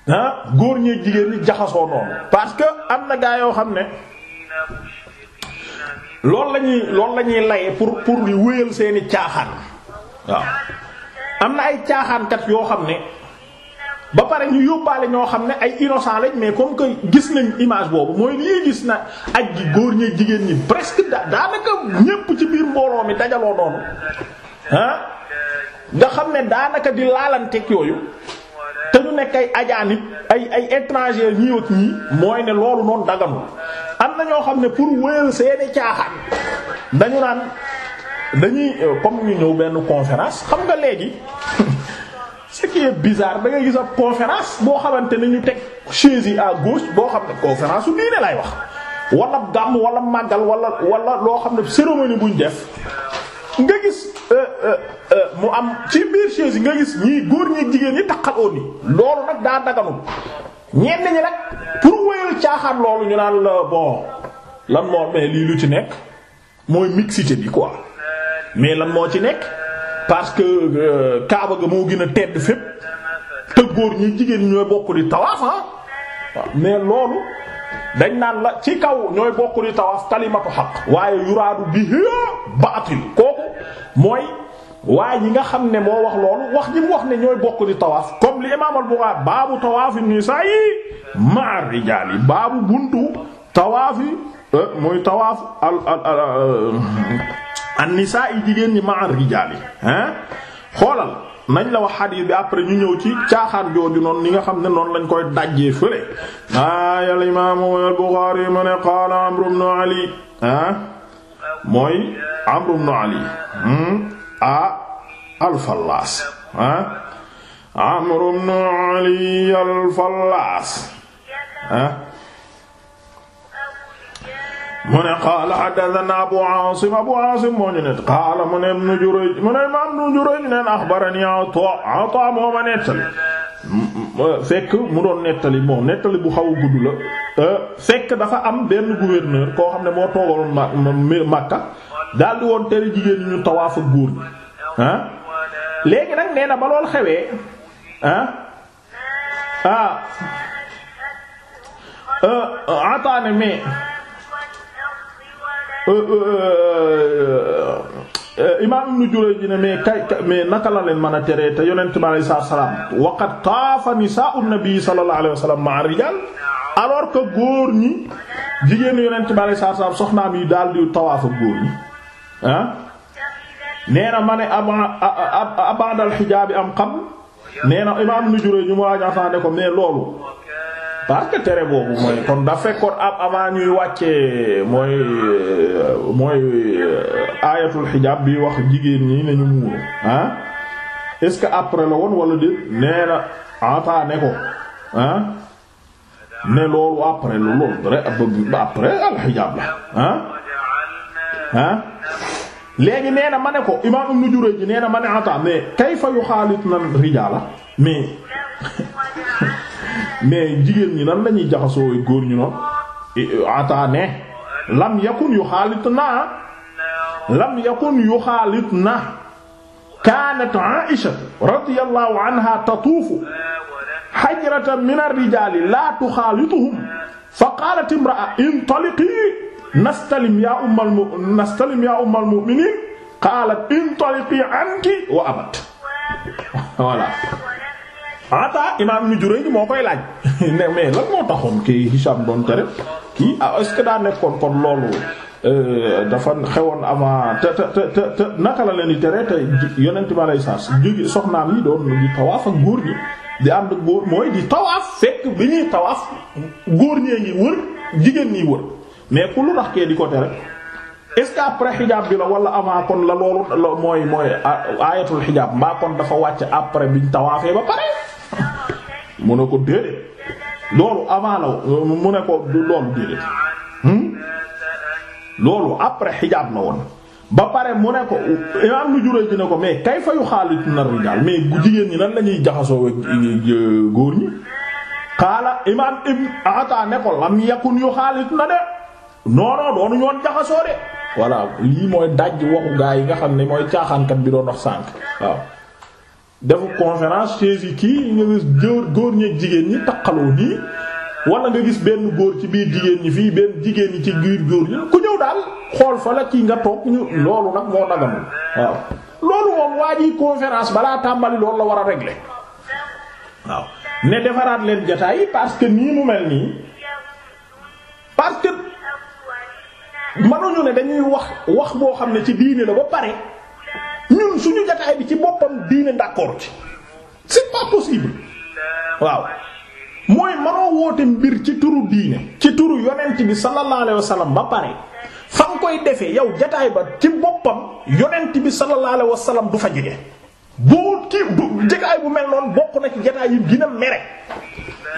Speaker 1: ah, góor ñee jigéen ñi jaxasoo noonu parce que am na gaa yoo xam ne loolu la ñuy loolu la ñuy laye pour pour di wéyal seeni caaxaan waaw am na ay caaxaankat yoo xam ne ba pare ñu yóbbaale ñoo xam ne ay innocent lañ mais comme que gis nañ image boobu mooy lii gis na aj gi góor ñee jigéen ñi presque daanaka ñépp ci biir mbooloo mi dajaloo noonu ah nga xam ne daanaka di laalanteeg yooyu te ñu nekk ay ajaanib ay ay étranger ñii ak ñii mooy ne loolu noonu daganu am na ñoo xam ne pour wéyal seeni caaxaan dañu naan dañuy euh, comme ñu ñëw benn conférence xam nga léegi ce qui est bizarre ngay gis ab conférence boo xamante ne ñu teg chaise yi boo xam ne conférence su ne laay wax wala gàmm wala màggal wala wala loo xam ne cérémonie buñ def nga gis Euh, euh, euh, mu am ci biir chaise yi nga gis ñii góor ñi jigéen ñi taxaloon ni loolu nag daa daganul ñenn ñi nag pour wéyal caaxaan loolu ñu naan la bon lan moo mais lii lu ci nekk mooy mixité bi quoi mais lan moo ci nekk parce que Kaaba ga moo gën a tedd fépp te góor ñi jigéen ñooy bokk di tawaaf ah. mais loolu dañ naan la ci kaw ñooy bokk di tawaaf kalimatu xaq waaye yuraadu bihi baatil mooy waaye yi nga xam ne moo wax loolu wax ji mu wax ne ñooy bokk di tawaaf comme li imaam al-Bukhari baabu tawaafi nisaa yi ma'a rijaal yi baabu buntu tawaafi euh, muy tawaaf al al al euh, nisaa jigéen ñi ma'a rijaal yi hein xoolal nañ la wax xadiis bi après ñu ñëw ci caaxaan jooju noonu ni nga xam ne noonu lañ koy dajjee fële aay al imaamu al-Bukhari mu ne qaala Amru ibn Ali mooy Amr ibn Ali hmm? a al-Fallaas ah Amr ibn Ali al-Fallaas ah mu ne qaala haddathana Abu Aasim Abu Aasim moo ñu ne qaala mu ne Ibn Jurayj mu ne Ibn Jurayj neen axbarani Ataa Ataa moo ma nettali fekk mu doon nettali bon nettali bu xaw a gudd la fekk dafa am benn gouverneur koo xam ne moo toogaloon ma Makka daal di woon tere jigéen ñi ñu tawaaf ak góor ñi ah. léegi nag nee ba lool xewee ah ah, ah mais euh, euh, euh, Eh, imaam Ibnu Jurayj ne mais kay mais naka la leen mën a teree te yonent bi alayhi salaam waqad taafa nisaa'u nabi sallallahu alayhi wa rijaal alors que góor ñi jigéenu yonent bi alayhi salaam soxnaam yi daal di tawaaf ak góor ñi ah. ma ne abandal xijaab am xam nee na imaam Ibnu ñu ma waaj a ko mais loolu. parce que tere boobu mooy kon da fekkoon ab avant ñuy wàccee mooy mooy euh, aayatul xijaab bi wax jigéen ñi nañu muuru ah est-ce que après la woon wala déet nee na ata ne ko ah ne loolu après lu loolu après al xijaab la ah ah léegi nee na ma ne ko imaam Ibnu Jurayj nee na ma ne ata mais kayfa yuxaalit na rijaala mais mais jigéen ñi lan lañuy jaxasoo góor ñu noonu eh, eh, ataane lam yakun yu xaalit na lam yakun yu xaalit na kaanat Aïsha radiyallahu anha tatuufu hajratan min ar-rijaali laa tuxaalituhum fa qaalat imra'a intaliqi nastalim yaa ummal mu nastalim yaa ummal mu'miniin qaalat intaliqi anki wa abat voilà ata imaam Ibn Jurayj moo koy laaj ne mais lan moo taxoon kii Hisham doon tere kii ah est-ce que daa nekkoon kon loolu euh, dafa xewoon avant te te te naka la leen di tere te yonent ma lay sas jóge soxnaam yi doon di tawaaf ak góor ñi di ànd ak góor mooy di tawaaf fekk bi ñuy tawaaf góor ñee ngi wër jigéen ñi wër mais ku lu tax kee di ko tere est-ce que après xijaab bi la wala avant kon la loolu mooy mooy ayatul xijaab mbaa kon dafa wàcc après ñu tawaafee ba pare. mu ne ko déedéet loolu avant la mu ne ko loolu déedéet hmm? loolu après xijaab la woon ba pare mu ne ko imaam lu juróoy dina ko mais kayfa yuxaalituna rijaal mais jigéen ñi nan lañuy jaxasoo euh, góor ñi xaala imaam ibn Ata ne ko lam yakun yuxaalituna de non non doonu ñoon jaxasoo de voilà lii mooy daj waxu gaa yi nga xam ne mooy caaxaankat bi doon wax sànk waaw defu conférence chaise yi kii nga gis góor góor ñeeg jigéen ñi taqaloo nii wala nga gis benn góor ci biir jigéen ñi fii benn jigéen ñi ci biir góor ñi ku ñëw daal xool fa la kii nga toog ñu loolu nag moo daganul waaw loolu moom waa ji conférence balaa tàmbali loolu la war a regle waaw ne defaraat leen jataay yi parce que nii mu mel nii parce que mënuñu ne dañuy wax wax boo xam ne ci diine la ba pare. ñun suñu jataay bi ci boppam diine d'accord ci c'est pas possible waaw mooy manoo woote mbir ci turu diine ci turu yonent bi sallallahu alayhi wasallam ba pare fa nga koy defee yow jataay ba ci boppam yonent bi sallallahu alayhi wasallam du fa jóge boo kii du jataay bu mel noonu bokk na ci jataay yi gën mere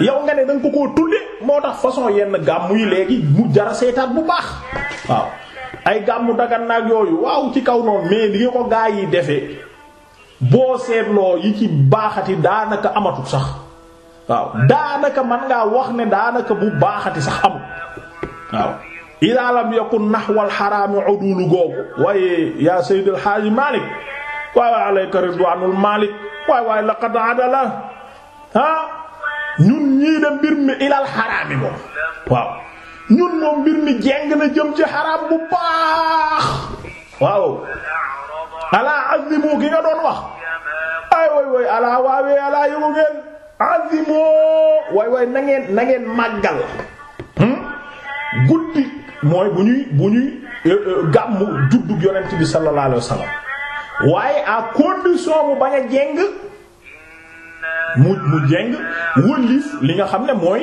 Speaker 1: yow nga ne da nga ko koo tudde moo tax façon yenn gàmm yi léegi mu jara seetaat bu baax waaw ay gàmmu dagan naag yooyu waaw ci kaw noonu mais li nga ko gaa yi defe boo seetloo yi ci baaxati daanaka amatu sax waaw daanaka man ngaa wax ne daanaka bu baaxati sax amul waaw idaa lam yakun naxwal xaraami waaye yaa sayyid alxaaji Malik waay waay ridwaanul Malik waay waay laqad adala ñun ñii de mbir mi ilal xaraami moom waaw ñun moom mbir mi jeng na jëm ci xaraam bu baax waaw alaa azimu ki nga doon wax ay way way alaa waawee alaa yëgu ngeen azimu way way na ngeen màggal hmm? guddi mooy bu ñuy bu ñuy euh, euh, gàmmu juddug yonent bi sallallahu alayhi waaye à condition mu bañ a jeng mu mu jeng wëllif li nga xam ne mooy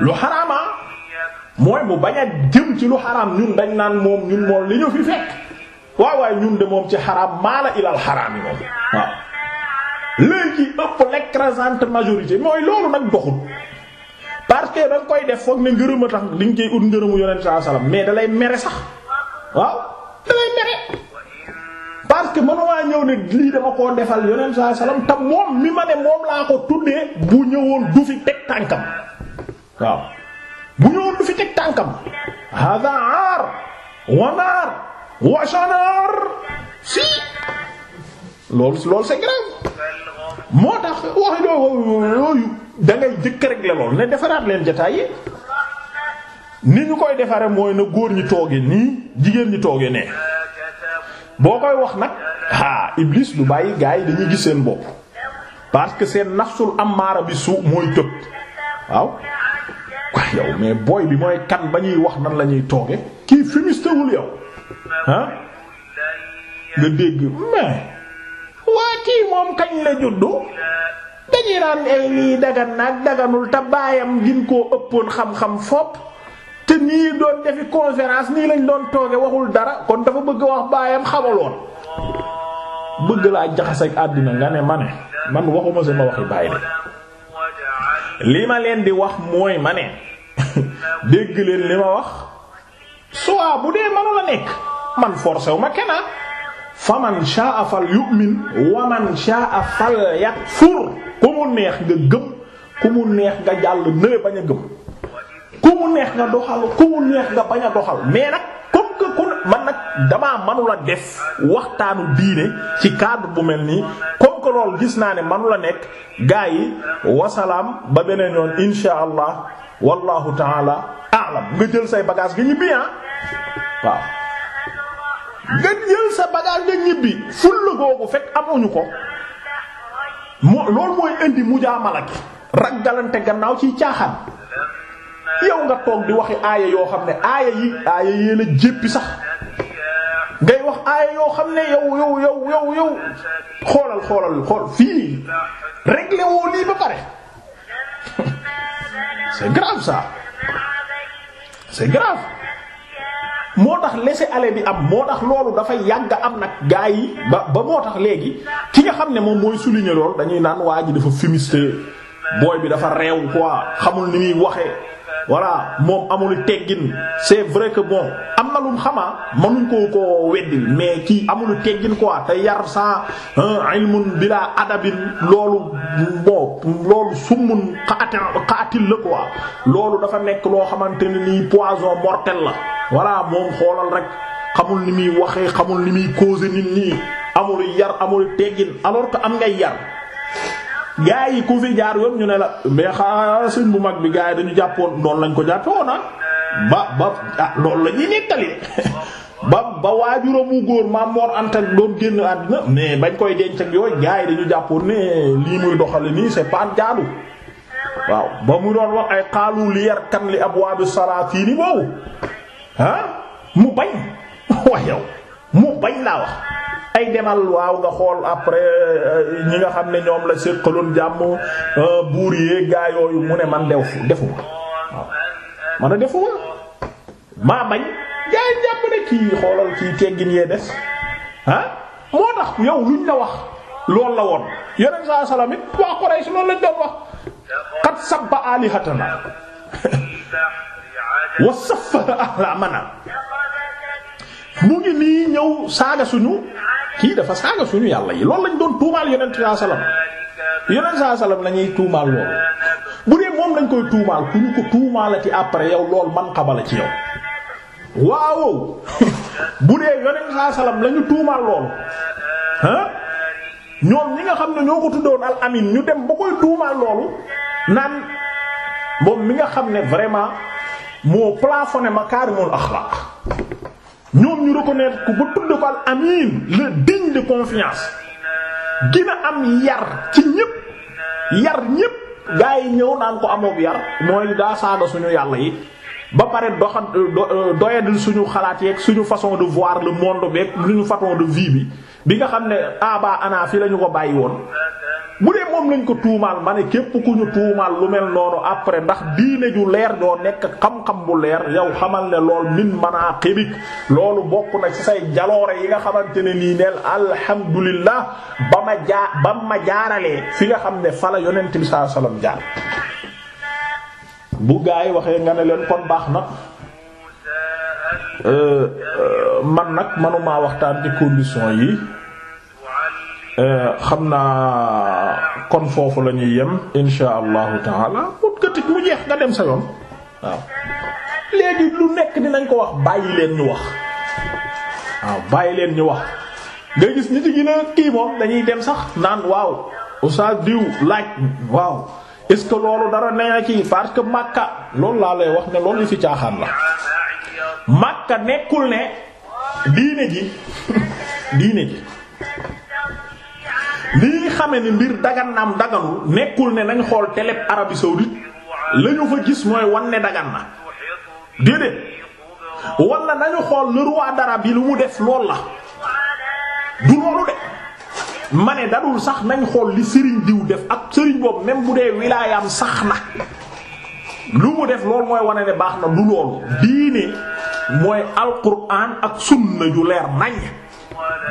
Speaker 1: lu xaraama mooy mu bañ a jëm ci lu xaraam ñun dañ naan moom ñun moom li ñu fi fekk waaw ñun de moom ci xaraam maala ilal xaraam yi moom waaw léegi ëpp l'écrasante majorité mooy loolu nag doxul parce que da koy def foog ne ngërëm a tax li nga koy ut ngërëmu yonent saa salaam mais dalay mere sax waaw dalay mere parce que mënumaa ñëw ne lii dama koo defal yonent saa salaam te moom mi ma ne moom laa ko tuddee bu ñëwoon du fi teg tànkam. waaw bu ñëwoon du fi teg tànkam hada aar wanaar washanaar si loolu loolu c'est grave moo tax wax yooyu da ngay la lool ne defaraat leen jataay yi ni ñu koy defaree mooy na góor ñi tooge nii jigéen ñi tooge ne boo koy wax nag ah Iblis du bàyyi gars yi dañuy gis seen bopp parce que seen nafsul ammaara bi su mooy tëb waaw waaw yow mais booy bi mooy kan ba ñuy wax nan la ñuy tooge kii fumistewul yow ah nga dégg mais waa kii moom kañ la juddu dañuy naan ay eh, lii dagan naag daganul te baayam gin koo ëppoon xam-xam fopp te nii doon defi conférence nii lañ doon tooge waxul dara kon dafa bëgg wax baayam xamaloon bëgg laa jaxase ak àddina nga ne ma ne man waxuma sama waxi baay de li ma leen di wax mooy ma ne dégg leen li ma wax soit bu dee mënu nekk man forcé wu ma kenn ah. fa man sha'a fal yu'min wa man sha'a fal yakfur ku neex nga gëm ku mu neex nga gëm ku mu neex nga doxal ku mu neex nga bañ doxal mais nag comme que kon man nag damaa mënula def waxtaanu diine ci cadre bu mel nii. comme loolu gis naa ne manu la nekk gaa yi wasalaam ba beneen yoon insha allah nga jël say bagage nga ñibbi ah waaw nga sa bagage nga ñibbi fulla googu fekk amuñu ko moo loolu mooy indi mujaamala gi raggalante gannaaw ciy caaxaan yow nga toog di waxi aaya yoo xam ne aaya yi aaya yee la jéppi sax ngay wax aaya yoo xam ne yow yow yow yow yow xoolal xoolal xool fii réglé woo lii ba pare c'est grave ça c'est grave moo tax laisser-aller bi am moo tax loolu dafa yàgg am nag gaa yi ba ba moo tax léegi ki nga xam ne moom mooy souligner lool dañuy naan waa ji dafa fumiste booy bi dafa réew quoi xamul ni muy waxee voilà moom amul teggin c'est vrai que bon am na lum xamaa mënuñ weddil mais kii amulu teggin quoi te yar sans ilmun bila adabin loolu bon loolu summun xaatil la quoi loolu dafa nekk loo xamante ne nii poison mortel la voilà moom xoolal rek xamul ni muy waxee xamul ni muy causer nit ñi amul yar amul teggin alors que am ngay yar gaa yi ku fi jaar yoon ñu ne la mais xaa sëñ bu mag bi gaa yi dañu jàppoon noonu lañ ko jàppoon ah ba ba ah loolu la ñuy nettali ba ba waajuramu góor maam Mor Anta doon génn àdduna mais bañ koy denc ak yooyu gars dañu jàppoon ne lii muy doxale nii c'est pas jaadu waaw ba mu doon wax ay xaalu li yar kan li abwaabi salaatiini boobu ah mu bañ wax yow mu bañ laa wax. ay demal waaw nga xool après euh, ñi nga xam ne ñoom la séqaloon jàmm euh, buur yee gaa yooyu mu ne man dew defu man a defuma maa bañ jaay jàpp ne kii xoolal kii teggin yee des ah moo tax yow luñ la wax loolu la woon yeneen saa salaam it waa Quraysh loolu lañ doon wax qad sabba alihatana wa saffara ahlamana mu ngi nii ñëw saaga suñu kii dafa saaga suñu yàlla yi lool lañ doon tuumaal yeneen saa salaam yonent saa salaam la ñuy tuumaal loolu bu dee moom lañ koy tuumaal ku ñu ko ci après yow lool man xabala ci yow. waaw bu dee yonent saa salaam la tuumaal loolu ah ñoom ñi nga xam ne ñoo ko tuddoon al amin ñu dem ba koy tuumaal loolu naan moom mi nga xam ne vraiment moo plafonné makaarimul axlaaq ñoom ñu reconnaître ko ba tudd ko al amin le digne de confiance. dina am yar ci ñépp yar ñépp gaa yi ñëw naan ko amob yar mooy daa saaga suñu yàlla yi ba pare doxa euh, euh, doyadil suñu xalaat yeeg suñu façon de voir le monde beeg ñu façon de vie bi bi nga xam ne aba ah, ana fi lañu ko bàyyi woon moom lañ ko tuumaal ma ne képp ku ñu tuumaal lu mel noonu après ndax diine ju leer doo nekk xam-xam bu leer yow xamal ne lool min manaqibik loolu bokk na ci say jaloore yi nga xamante ne nii neel alhamdulillah ba ma jaa ba ma jaaralee fi nga xam ne fala yonent bi sallallahu alayhi wasallam jaar bu gaa yi waxee nga ne leen kon baax na euh, euh, man nag manumaa waxtaan ci condition yi Eh, xam naa kon foofu la ñuy yem insha allahu taala ut katig mu jeex nga dem sa yoon waaw léegi lu nekk dinañ ko wax bàyyi leen ñu wax waaw bàyyi leen ñu wax nga gis nit yi na kii moom dañuy dem sax naan waaw oustaz diw laaj waaw est-ce que loolu dara nee ci parce que Makka loolu laa lay wax ne loolu yu fi caaxaan la Makka nekkul ne diine ji diine ji nii xame ne mbir dagan naam daganul nekkul ne nañ xool teleb Arabie saoudite la ñu fa gis mooy wan ne dagan na déedéet wala nañu xool le roi dara yi lu mu def lool la du loolu de ma ne dadul sax nañ xool li sëriñ diw def ak sëriñ boobu même bu dee wilaayaam sax na lu mu def loolu mooy wane ne baax na du loolu diine mooy alquran ak sunna ju leer nañ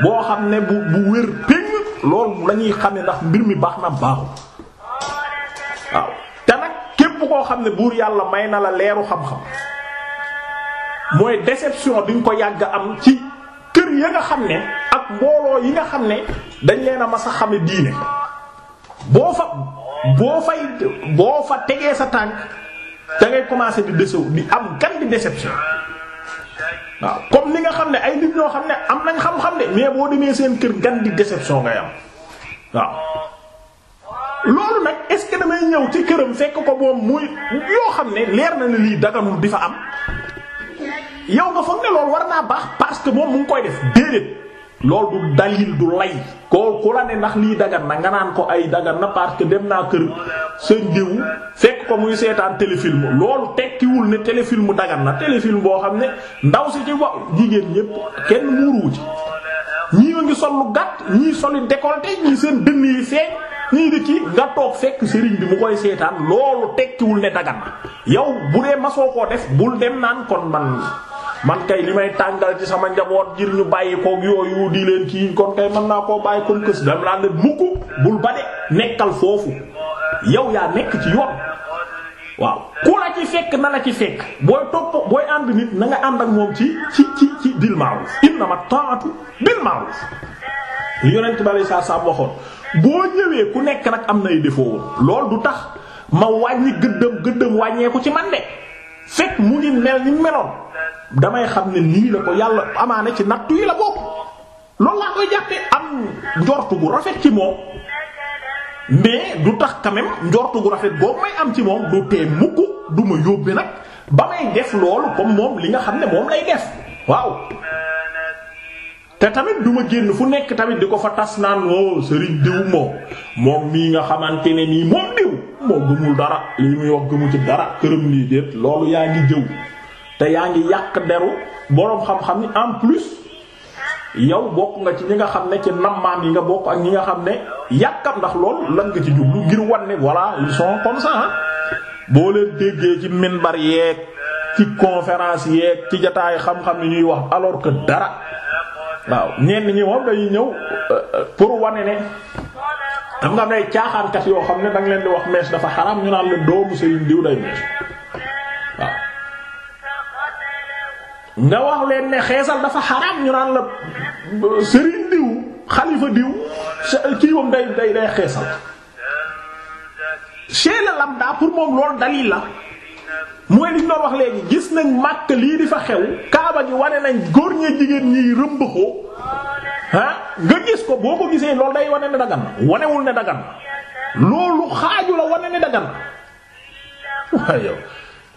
Speaker 1: boo xam ne bu wér péng loolu la ñuy ne ndax mbir mi baax na baaxul waaw te nag képp koo xam ne buur yàlla may na la leeru xam-xam mooy déception duñ ko yàgg am ci kër ya nga xam ne ak mbooloo yi nga xam ne dañ leen a mas a xame diine boo fa boo fay boo fa tegee sa tànk da ngay commencer di décew di am gan di déception waaw comme ni nga xam ne ay nit ñoo xam ne am nañ xam-xam de mais boo demee seen kër gan di déception ngay am waaw loolu nag est ce ñëw ci këram fekk ko moom muy yoo xam ne leer na ne lii daganul di fa am yow nga foog ne loolu war naa baax parce que moom mu ngi koy def déedéet loolu du dalil du lay koo la ne ndax lii dagan na nga naan ko ay dagan na parce que dem naa kër seen diw fekk ko muy seetaan téléfilm loolu tekkiwul ne téléfilm dagan na téléfilm boo xam ne ndaw si ci wa jigéen ñépp kenn muuruwu ci ñii a ngi sol lu gàtt ñii soli décolleté ñii seen dënn yi feeñ ñii di kii nga toog fekk sëriñ bi mu koy seetaan loolu tekkiwul ne dagan na yow bu dee masoo koo def bul dem naan kon man man kay li may tàngal ci sama njaboot ngir ñu bàyyi koog yooyu di leen kii kon kay mën naa koo bàyyi kon kës dam laa ne mukk bul ba de nekkal foofu yow yaa nekk ci yoon waaw ku la ci fekk na la ci fekk booy topp booy ànd nit na ànd ak moom ci ci ci ci bil ma'ruf ma ta'atu bil ma'ruf li yonent bale saa saa waxoon boo ñëwee ku nekk nag am nay défaut lool du tax ma wàññi gëddëm gëddëm wàññeeku ci man de fekk mu ngi mel ni meloon damay xam ne lii la ko yàlla amaana ci nattu yi la bopp
Speaker 2: loolu laa koy jàppe
Speaker 1: am njortu gu rafet ci moom mais du tax quand même njortu gu rafet boo may am ci moom du tee mukk du ma yóbbe nag ba may def loolu comme moom li nga xam ne moom waaw te tamit génn fu nekk tamit di ko fa tas naan oh, o sëriñ moom moom nga xamante ne nii moom diw moo gëmul dara lii muy wax gëmu ci dara këram lii déet loolu yaa ngi jëw te yaa ngi yàq deru boroom xam-xam ni en plus yow bokk nga ci ñi nga xam ne ci nammaam yi nga bokk ak ñi nga xam ne yàkkam ndax lool lan nga ci jublu ngir wan ne voilà son sont comme ça boo leen déggee ci minbar yeeg ci conférence yeeg ci jataay xam-xam ni ñuy wax alors que dara waaw ñenn ñi moom dañuy ñëw euh, euh, pour wane ne xam nga am nay caaxaankat yoo xam ne da leen di wax mees dafa xaram ñu naan la doomu Serigne diw day mees. nga wax leen ne xeesal dafa xaraam ñu naan la euh, sëriñ diw xalifa diw kiiwam day day day xeesal chez le pour moom loolu dalil la mooy liñ doon wax léegi gis nañ màkk lii di fa xew kaaba gi wane nañ góor ñee jigéen ñiy rëmbaxoo ah nga gis ko boo ko gisee loolu day wane ne dagan wanewul ne dagan loolu xaaju la wane ne dagan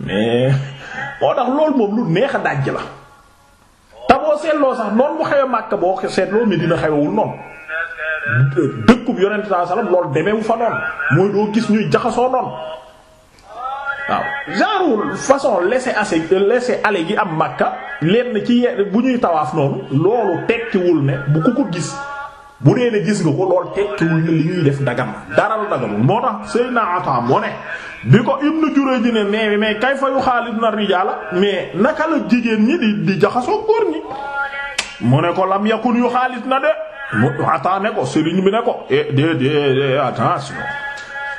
Speaker 1: mais moo tax loolu moom lu neex a dajj la te seetloo sax noonu mu xewe màkka boo seetloo dina xewewul noonu dëkkub yonent saa salaam loolu demewu fa noonu mooy doo gis ñuy jaxasoo noonu waaw genre façon laisser assez laisser aller gi am Makka lenn ci bu ñuy tawaaf noonu loolu tekkiwul ne bu ku ko gis bu dee ne gis nga ko lool tekkiwul li ñuy def dagam dara la dagam moo tax Seydina Ata moo ne bi ko Ibnu Jurayj ne mais mais kayfa yuxaalibna rijaala mais naka la jigéen ñi di di jaxasoo góor ñi. mu ne ko lam yakun yuxaalibna de mu Ata ne ko sëriñ bi ne ko eh de de attention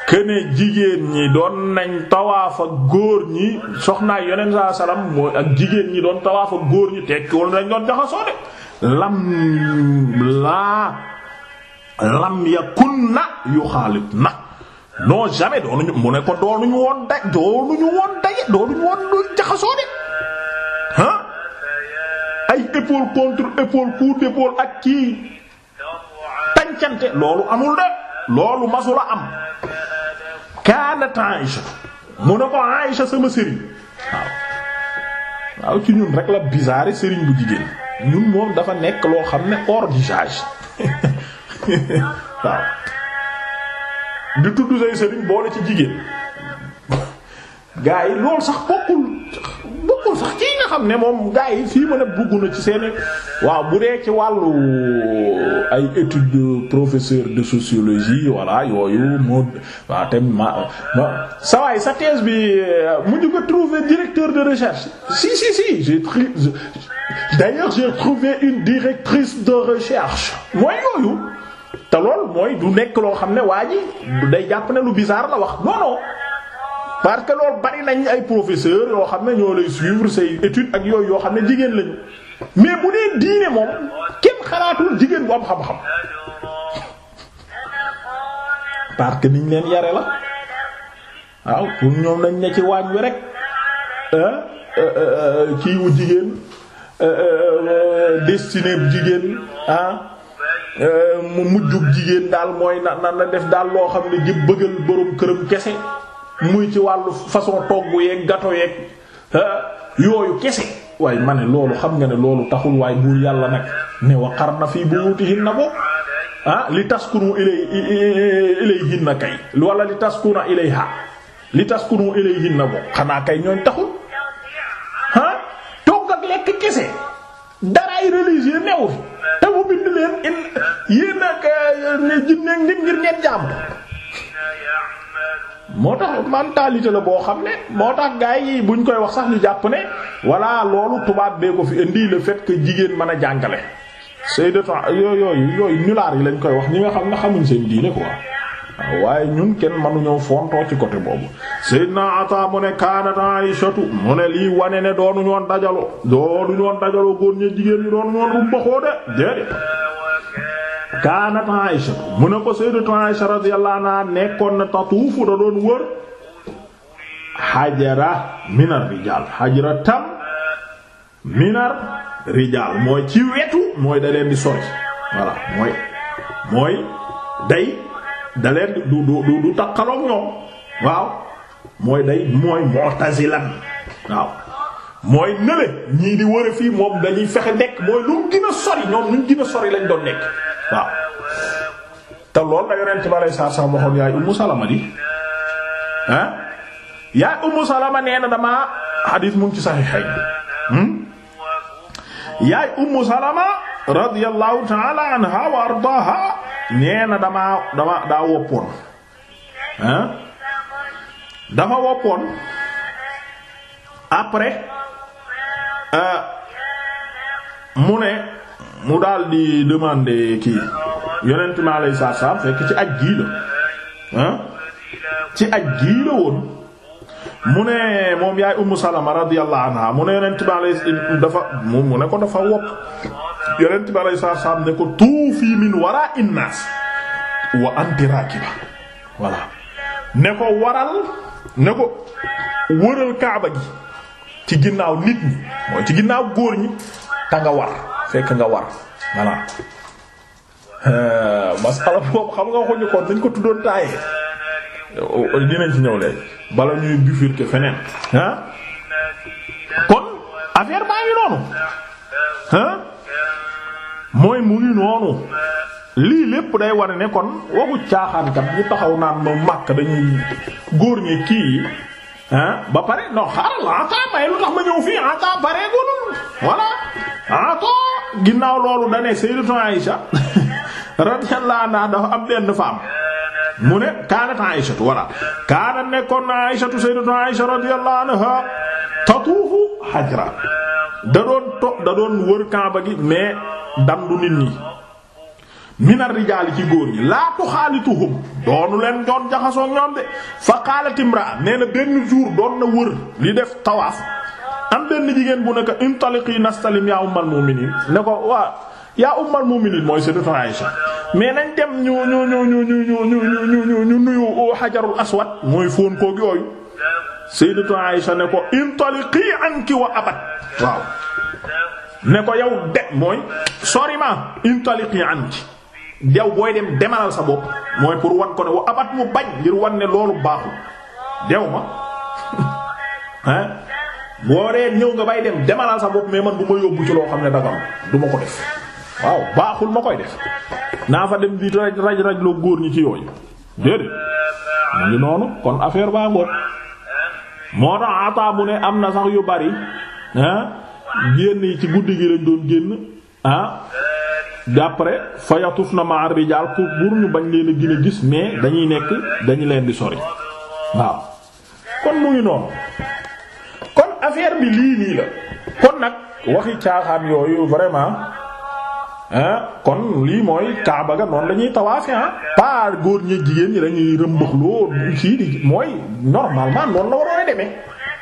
Speaker 1: kene jigéen ñi doon nañ tawaaf ak góor ñi soxnaa yonent saa salaam mooy ak jigéen ñi doon tawaaf ak góor ñi tekkiwul nañ doon jaxasoo de lam laa. lam yakun na yu xaalit na non jamais doonuñu mu ne ko doonuñu woon daj doonuñu woon daje doonuñu woon lu jaxasoo de ah ay épaule contre épaule coup d'épaule ak kii tàncante loolu amul de am kanat Aïsha mu ne ci ñun rek la bizarre sëriñ dafa nekk loo xam ne hors waaw di tudd say sëriñ boole ci jigéen gaa yi loolu sax bokkul bokkul sax kii nga xam ne moom gaa yi fii mën a bugg na ci seeni waaw bu dee ci wàllu ay études professeur de sociologie voilà yooyu moo waaw te ma sa waay sa thèse bi euh, mujj nga trouver directeur de recherche si si si j'ai d'ailleurs j'ai trouvé une directrice de recherche mooy yooyu te lool mooy du nekk loo xam ne waa ji day jàpp ne lu bizarre la wax non non parce bari nañ ay professeur yoo xam ne ñoo lay suivre say études ak yooyu yoo xam ne jigéen lañu mais bu dee diine moom kenn xalaatul jigéen bu am xam-xam parce que niñ leen yare la waaw pour ñoom nañ ne ci waañ wi rek euh, euh, euh, kii jigéen destiné bu jigéen Euh, mu mujjug jigéen daal mooy na na def daal loo xam ne jëb bëggal borom këram kese muy ci wàllu façon togg yeeg gato yee euh, yooyu kese waaye ma ne loolu xam nga ne loolu taxul waaye buur yàlla nag ne wa qarna fii buyutihinna bo ah li taskunu ilay ilayhinna kay wala li taskuna ilayha li taskunu ilayhinna bo xanaa kay ñooñ taxul ah togg ak lekk kese daraay religieux newu fi te mu bind leen in yéen ak euh, jinne ak nit ngir ngeen jàmm moo tax man taalite la boo xam ne moo tax gars yi buñ koy wax sax ñu jàpp ne voilà loolu tubaab bee ko fi indi le fait que jigéen mën a jàngale. say de temps yooyu yooyu yooyu nulaar yi lañ koy wax ñi nga xam ne xamuñ seen diine ko waaw waaye ñun kenn mënuñoo fontoo ci côté boobu Seydina Ata mu ne kaanat Aïshatu mu ne lii wane ne doonu ñoon dajaloo doonu ñoon dajaloo góor ñi jigéen ñi doonu ñoon rumbaxoo de déedéet kaanat Aïshatu mu ne ko Sayyidatu Aïsha radiyallahu anha nekkoon na tatuufu da doon wër xajara minar rijaal xajara tam minar rijaal mooy ci wetu mooy da leen di sori voilà mooy mooy day da leen du du du takkaloog ñoom waaw mooy day mooy mu'tazilan waaw mooy nële ñii di wër fii moom dañuy fexe nekk mooy lu gën a sori ñoom luñ gën a sori lañ doon nekk waaw te loolu la yonent bi alayhi salaam waxoon yaay Ummu Salama di ah yaay Ummu Salama nee na dama xadiis mu ngi ci saxiix yaay ummu salama radiyallahu ta'ala anha wa ardaaha nee na damaa daa woppoon dafa woppoon après euh, mu ne mu daal di demander kii yonent mi fekk ci aj gii la ah ci aj gii woon mu ne moom yaay Ummu Salama radiyallahu anha mu ne yonent bi dafa mu ne ko dafa wopp yonent bi alayhi salaam ne ko tuufi min wara'in naas wa anti raakiba ne ko waral ne ko wëral kaaba gi ci ginnaaw nit ñi mooy ci ginnaaw góor ñi ta nga war fekk nga war voilà euh, masala boobu xam nga waxuñu ko dañ ko tuddoon taayee. dinañ ci ñëw bala ñuy bifurquer feneen ah kon affaire baa noonu ah mooy mu ngi noonu lii lépp day war ne kon waxu caaxaankat ñu taxaw naan ma màkk dañuy góor ñe kii yi ah ba pare non xaaral ata tax ma ñëw fii ata pare gunul voilà ata ginnaaw loolu dane Sayyidatu Aïsha radiyallahu anha dafa am benn femme mu ne kaanat Aysatu walla kaanat nekkoon na Aysatu sayyidatu Aysa radiyallahu anha tatuufu hajra da doon to da doon wër Kaaba gi mais dandu nit ñi minar rijaali ci góor ñi laa tuxaalituhum doonu leen doon jaxasoo ñoom de fa qaalat imraa nee na benn jour doon na wër li def tawaaf am benn jigéen bu nekk intaliqi nastalim yaa ummal mu'miniin ne ko waa yaa ummal mu'minin mooy sayyidatu Aïsha mais nañ dem ñu ñu ñu ñu ñu ñu ñu ñu nuyu xajarul aswad mooy fóon koog yooyu sayyidatu Aïsha ne ko intaliqi anki wa abad waaw ne ko yow de mooy sori ma intaliqi anki yow booy dem demalal sa bopp mooy pour wan ko ne wa abat mu bañ ngir wan ne loolu baaxul dew ma ah boo dee ñëw nga bay dem demalal sa bopp mais man bu ma yóbbu ci loo xam ne dagam du ma ko def waaw baaxul ma koy def naa fa dem di raj raj loo góor ñi ci yooyu déedéet mu ngi noonu kon affaire baa ngoog moo tax ataa ne am na sax yu bari ah yi ci guddi gi lañ doon génn ah d'après fayatuf na ma ar-rijaal pour pour ñu bañ leen a a gis mais dañuy nekk dañu leen di sori waaw kon mu ngi noonu kon affaire bi lii nii la kon nag waxi caaxaan yooyu vraiment. kon lii mooy Kaaba ga noonu la ñuy tawaafi ah góor ñi jigéen ñi dañuy rëmbaxloo kii di mooy normalement noonu la waroon a demee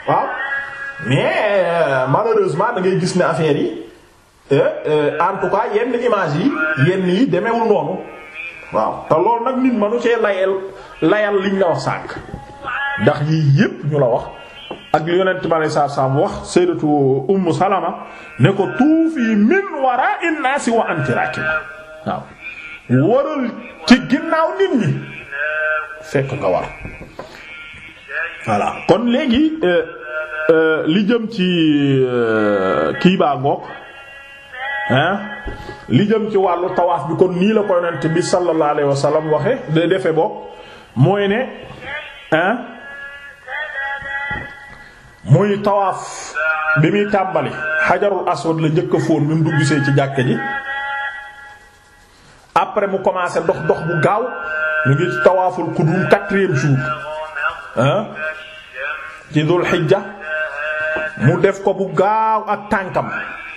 Speaker 1: waaw mais euh, malheureusement da ngay gis ni affaire yi euh, euh, en tout cas yenn image yi yenn yi demewul noonu waaw te loolu nag nit mënu cee layel layal liñ la wax sànq ndax yii yépp ñu la wax. ak li yonent bi alayhi salaam wax sayyidatu ummu salama ne ko tuufi min wara'i naasi wa anti raakiba waaw waral ci ginnaaw nit ñi fekk nga war voilà kon léegi euh, euh, li jëm ci euh, kii baa li jëm ci wàllu tawaaf bi kon nii la ko yonent bi sallallahu alayhi wa waxe de defe boog mooy ne ah muy tawaaf bi muy tàmbali xajarul aswad la njëkk a fóon bi mu duggsee ci jàkka ji après mu commencé dox dox bu gaaw ñu ngi tawaaful kudum quatrième jour ah ci dul xijja mu def ko bu gaaw ak tànkam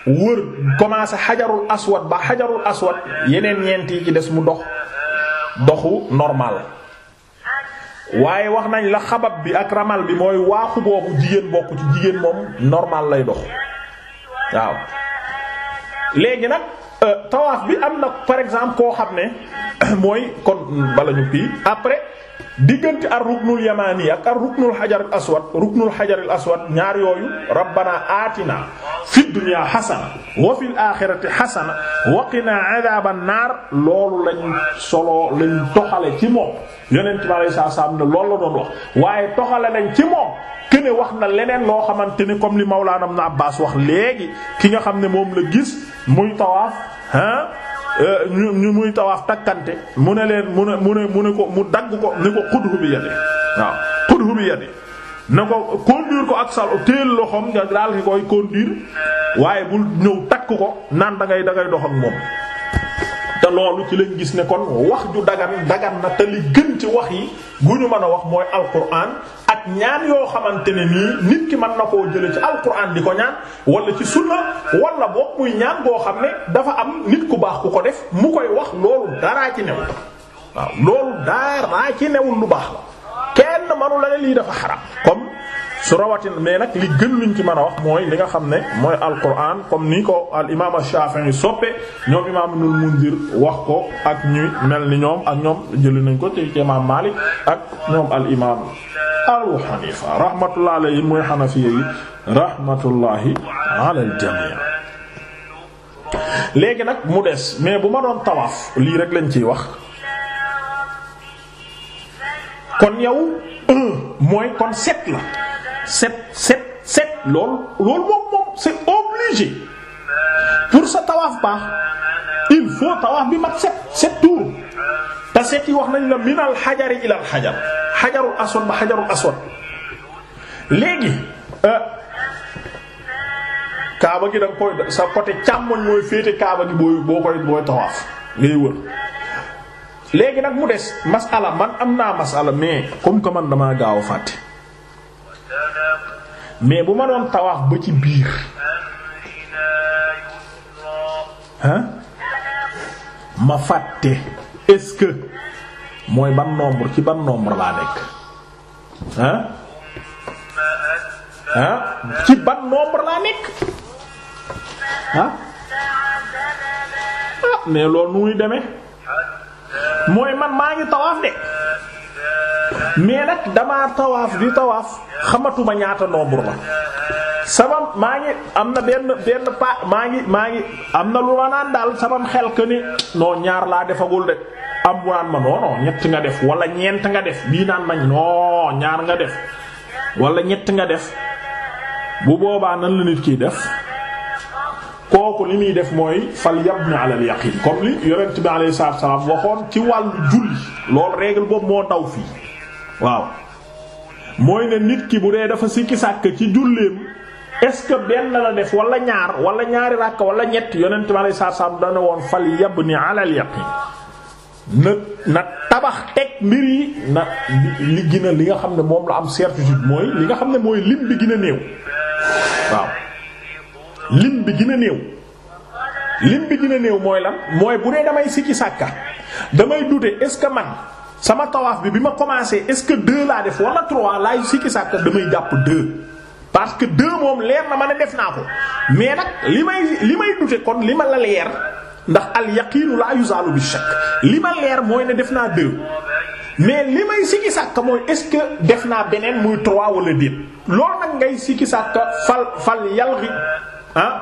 Speaker 1: wër commencé xajarul aswad ba xajarul aswad yeneen ñeent yi ci des mu dox doxu normal waaye wax nañ la xabab bi ak ramal bi mooy waaxu boobu jigéen bokk ci jigéen moom normal lay dox waaw léegi nag euh, tawaaf bi am na par exemple koo xam ne mooy kon bala ñu kii après diggante ar ruknul yamaani ak ar ruknul xajaril aswad ruknul xajaril aswad ñaar yooyu rabbana aatina fi dunya xasana wa fil axirati xasana naar loolu lañ solo lañ toxale ci moom yonent bi sa salaam ne loolu la doon wax waaye toxale nañ ci moom kene wax na leneen loo xamante ni comme li Mawlaana Ibn Abbaas wax léegi ki nga xam ne moom la gis muy tawaaf ah Euh, ñu ñu muy tawaaf takkante mu ne leen mu ne mu ne mu ne ko mu dagg ko ni ko xuddu bi yade waaw xuddu bi yade na ko conduire ko ak sal téel loxoom nga daal ki koy conduire waaye bul ñëw takk ko naan da ngay da ngay moom te loolu ci lañ gis ne kon wax ju dagan dagan na te li gën ci wax yi gu ñu mën a wax mooy alquran ak ñaan yoo xamante ne nii nit ki mën na koo jële ci alquran di ko ñaan wala ci sunna walla boog muy ñaan boo xam ne dafa am nit ku baax ku ko def mu koy wax loolu daraa ci newul waaw loolu daraa ci newul lu baax la kenn manu la ne lii dafa xaram comme su rawatin mais nag li gën luñ ci mën a wax mooy li nga xam ne mooy alquran comme ni ko al imaam yi soppe ñoom imaam Ibnul Munzir wax ko ak ñuy mel ni ñoom ak ñoom jëli nañ ko ci imaam Maalik ak ñoom al imaam Abu Hanifa rahmatullahi alayhi mooy xanafiya yi rahmatullahi ala al jamii léegi nag mu des mais bu ma doon lii rek lañ ciy wax kon yow mooy kon set la set set set loolu loolu moom moom c'est obligé pour sa tawaaf baax il faut tawaaf bi mag set set tour te set yi wax nañ la minal xajari ilal xajar xajarul aswad ba xajarul aswad léegi euh, kaaba gi da nga koy sa côté càmmoñ mooy féete kaaba gi booy boo koy booy tawaaf léegi nag mu des masala man am naa masala mais comme que man damaa gaaw a fàtte mais bu ma doon tawaaf ba ci biir ma fàtte est-ce que mooy ban nombre ci ban nombre laa nekk ah ci ban nombre laa nekk ah ah mais loolu nu muy demee mooy man maa ngi tawaaf de mais nag damaa tawaaf di tawaaf xamatuma ñaata nombre la sama maa ngi am na benn benn pa maa ngi maa ngi am na lu ma naan daal sama xel que ni non ñaar laa defagul de am waan naan ma non non nga def wala ñeent nga def bii naan mañ non ñaar nga def wala ñetti nga def bu boobaa nan la nit kiy def. kooku li muy def mooy fal yabna ala al yaqin comme li yonent bi alayhi salaam waxoon ci wàllu julli loolu règle boobu moo daw fii waaw mooy ne nit ki bu dee dafa sikki sàkk ci julleem est-ce benn la def wala ñaar wala ñaari ràkk wala ñett yonent bi alayhi salaatu salaam dana woon fal yabni ala al yaqin na tabax teg mbir yi na li gën li nga xam ne moom la am certitude mooy li nga xam ne mooy lim bi gën a néew waaw lim bi dina néew lim bi dina néew mooy lan mooy bu dee damay sikki sàkka damay douter est-ce que man sama tawaaf bi bi ma commencé est-ce que deux laa def wala trois laay sikki sàkka damay jàpp deux parce que deux moom leer na ma ne def naa ko mais nag li may li may douter kon li ma la leer ndax al yaqiinu laa yuzaalu bi shakk li ma leer mooy ne def naa deux mais li may sikki sàkka mooy est-ce que def naa beneen muy trois wala déet loolu nag ngay sikki sàkka fal fal yalgi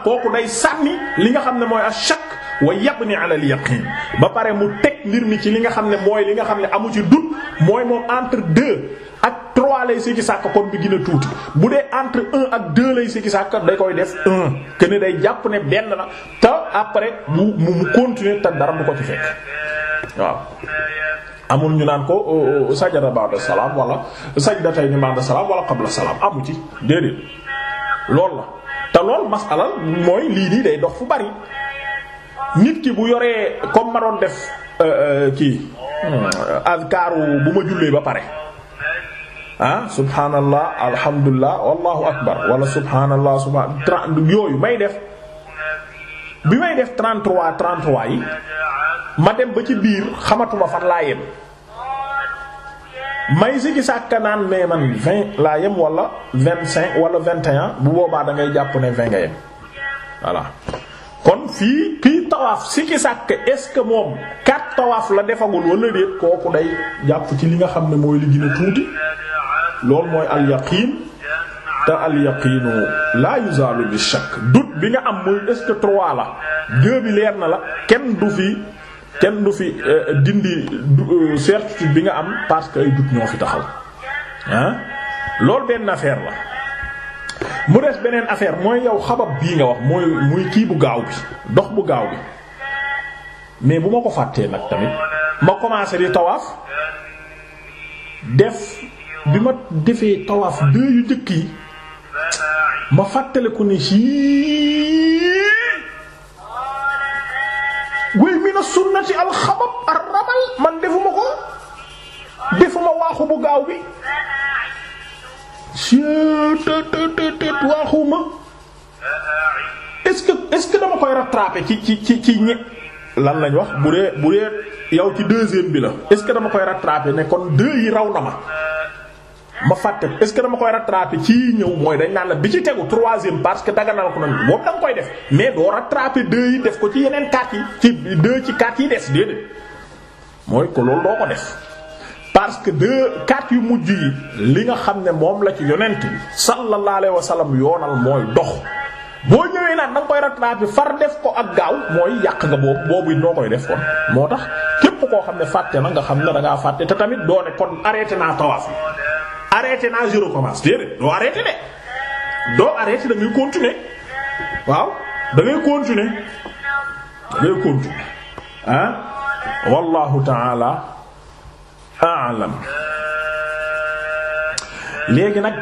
Speaker 1: kooku day sàmmi li nga xam ne mooy ashak wa yabni ala al yaqin ba pare mu teg mbir mi ci li nga xam ne mooy li nga xam ne amu ci dut mooy moom entre deux ak trois lay sikki sàkk kon bi gën tuuti bu dee entre un ak deux lay sikki sàkk da koy def un que ne day jàpp ne benn na te après mu mu continuer te dara bu ko ci fekk waaw. amul ñu naan ko oh, oh, oh, sajada ba'da salaam wala sajdatayni ba'da salaam wala qabla salaam amu ci déedéet loolu la. te lool masala mooy lii nii day dox fu bari nit ki bu yoree comme ma doon def euh, euh, kii azkaaru bu ma jullee ba pare ah subhanallah alhamdulillah wallahu akbar wala subhanallah subhan yooyu may def bi may def 33 33 yi ma dem ba ci biir xamatuma fan laa yem may si gi sàkka naan mais man vingt laa yem wala vingt wala vingt et bu boobaa dangay ngay jàpp ne vingt nga yem voilà kon fii kii tawaaf si ki est-ce que moom quatre tawaaf la defagul wala déet kooku day jàpp ci li nga xam ne mooy li gën tuuti loolu mooy al yaqiin te al yaqiinu laa yuzaalu bi shakk doute bi nga am mooy est-ce que trois la deux bi leer na la kenn du fi. kenn du fi euh, dindi euh, certitude bi nga am parce que ay doute ñoo fi taxaw ah loolu benn affaire la mu des beneen affaire mooy yow xabab bii nga wax mooy muy kii bu gaaw bi dox bu gaaw bi mais bu ma ko fàttee nag tamit ma commencé di tawaaf def bi ma defee tawaaf deux yu njëkk yi ma fàttaliku ne sii mina sunnati alxabab arrabal man defuma ko defuma waaxu bu gaaw bi stttt waaxuma est-ce que est-ce que dama koy rattraper ci ci ci ci ñe lan lañ wax bu dee bu dee yow ci deuxième bi la est-ce que dama koy rattraper ne kon deux yi raw na ma ma fàtte est-ce que dama koy rattraper ci ñëw mooy dañ naan la bi ci tegu troisième parce que daganal ko nan moom da nga koy def mais doo rattraper deux yi def ko ci yeneen quatre yi ci deux ci quatre yi des déedéet mooy ko loolu doo ko def parce que deux quatre yu mujj yi li nga xam ne moom la ci yonent bi sallallahu alayhi wa sallam yoonal mooy dox boo ñëwee naan da nga koy rattraper far def ko ak gaaw mooy yàq nga boobu boobu noo koy def kon moo tax képp koo xam ne fàtte na nga xam ne da ngaa fàtte te tamit doo ne arrêté naa tawaaf arrêté naa je recommence déedéet doo arrêté de doo arrêté continuer waaw da ngay continuer da ngay continuer ah wallahu taala a'lam léegi nag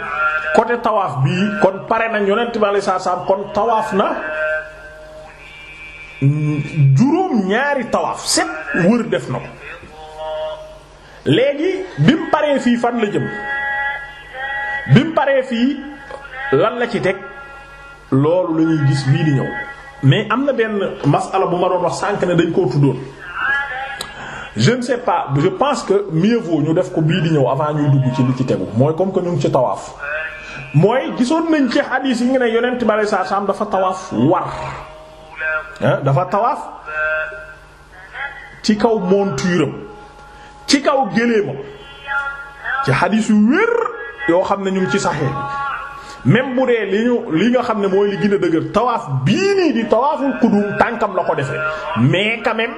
Speaker 1: côté tawaaf bii kon pare na yonent bi saa salaam kon tawaaf na juróom ñaari tawaaf set wër def na ko léegi bi mu paree fii fan la jëm bi mu paree fii lan la ci teg loolu la ñuy gis bii di ñëw mais am na benn masala bu ma doon wax sànq ne dañ koo tuddoon je ne sais pas je pense que mieux vaut ñu def ko bii di ñëw avant ñuy dugg ci li ci tegu mooy comme que ñu ngi ci tawaaf. mooy gisoon nañ ci hadis yi ngi ne yonent bi saa saam dafa tawaaf war dafa tawaaf ci kaw monturam ci kaw géléemam ci hadis yu wér. yoo xam ne ñu ngi ci saxee bi même bu dee li ñu li nga xam ne mooy li gën a dëgër tawaaf bii nii di tawaaful qudum tànkam la ko defee mais quand même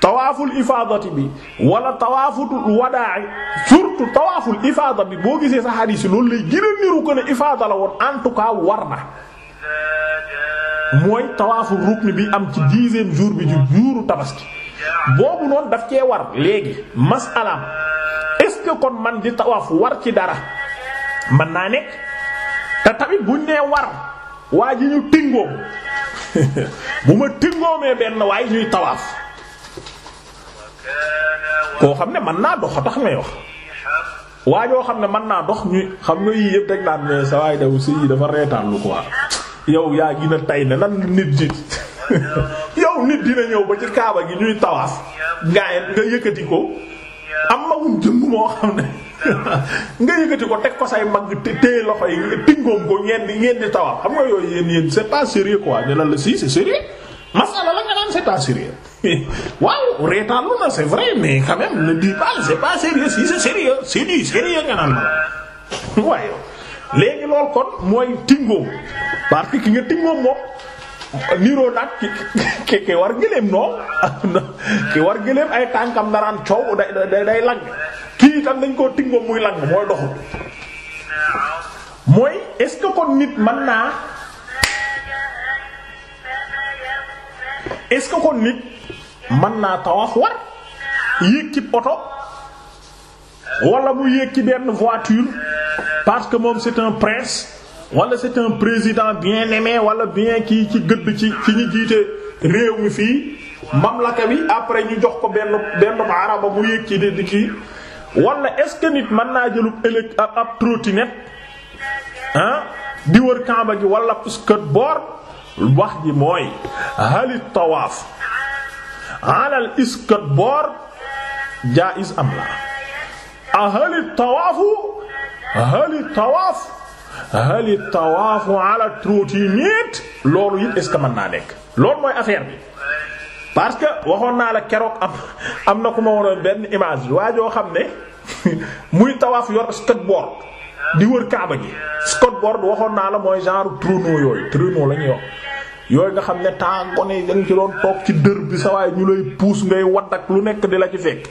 Speaker 1: tawaaful ifaadati bi wala tawaaful wadaa surtout tawaaful ifaada bi boo gisee sa xadiis loolu lay gën a ko ne ifaada la woon en tout cas war na mooy tawaaful rukn bi am ci dixième jour bi ju juuru tabaski boobu noonu daf cee war léegi masalaam kon man di tawaaf war ci dara man naa nekk te tamit buñ nee war waa ji ñu tingoom bu ma tingoomee benn waaye ñuy tawaaf koo xam ne man naa dox tax may wax waa joo xam ne man naa dox ñuy xam nga yii yëpp dañ naan sa waay daw si yi dafa reetaan lu ko waa yow yaa gina tay ne nan nit nit yow nit dina ñëw ba ci kaaba gi ñuy tawaaf nga nga yëkkati ko am magum jëmm moo xam ne nga yëkkati ko teg ko say mag téye loxo yi tingoom ko ngeen di ngeen di tawam xam nga yooyu yéen yéen c'est pas sérieux quoi ne la la si c'est sérieux masala la nga naan c'est pas sérieux waaw reetaan sérieux sérieux nga naan la waaye léegi kon mooy tingoom parce ki nga tingoom moom niroo naat ki ki war gëléem noonu ki war gëléem ay tànkam daraan coow day day lang kii itam dañ koo tingom muy lang mooy doxul mooy est-ce que kon nit mën naa est-ce que kon nit mën naa tawaaf war yéeg ci oto wala mu yéeg ci benn voiture parce que moom c'est un prince wala c'est un président bien aimé wala bien kii ci gëdd ci ci ñu jiite réew mi fii mamlaka bi après ñu jox ko benn benn araba mu yéeg ci di kii wala est-ce que mën naa jëlub ëllëg ab trottinette ah di wala skateboard wax ji mooy halit tawaaf alal skateboard am la a halit tawaafu halit tawaaf hali tawaafu ala trottinette loolu it est ce que man naa nekk loolu mooy affaire bi parce que waxoon naa la keroog am am na ku ma waroon benn image waa joo xam ne muy tawaaf yor skateboard di wër kaaba gi skateboard waxoon naa la mooy genre traîneau yooyu traîneau la ñuy wax yooyu nga xam ne tàngone da nga ci doon toog ci dër bi sa waaye ñu lay puus ngay wadd ak lu nekk di la ci fekk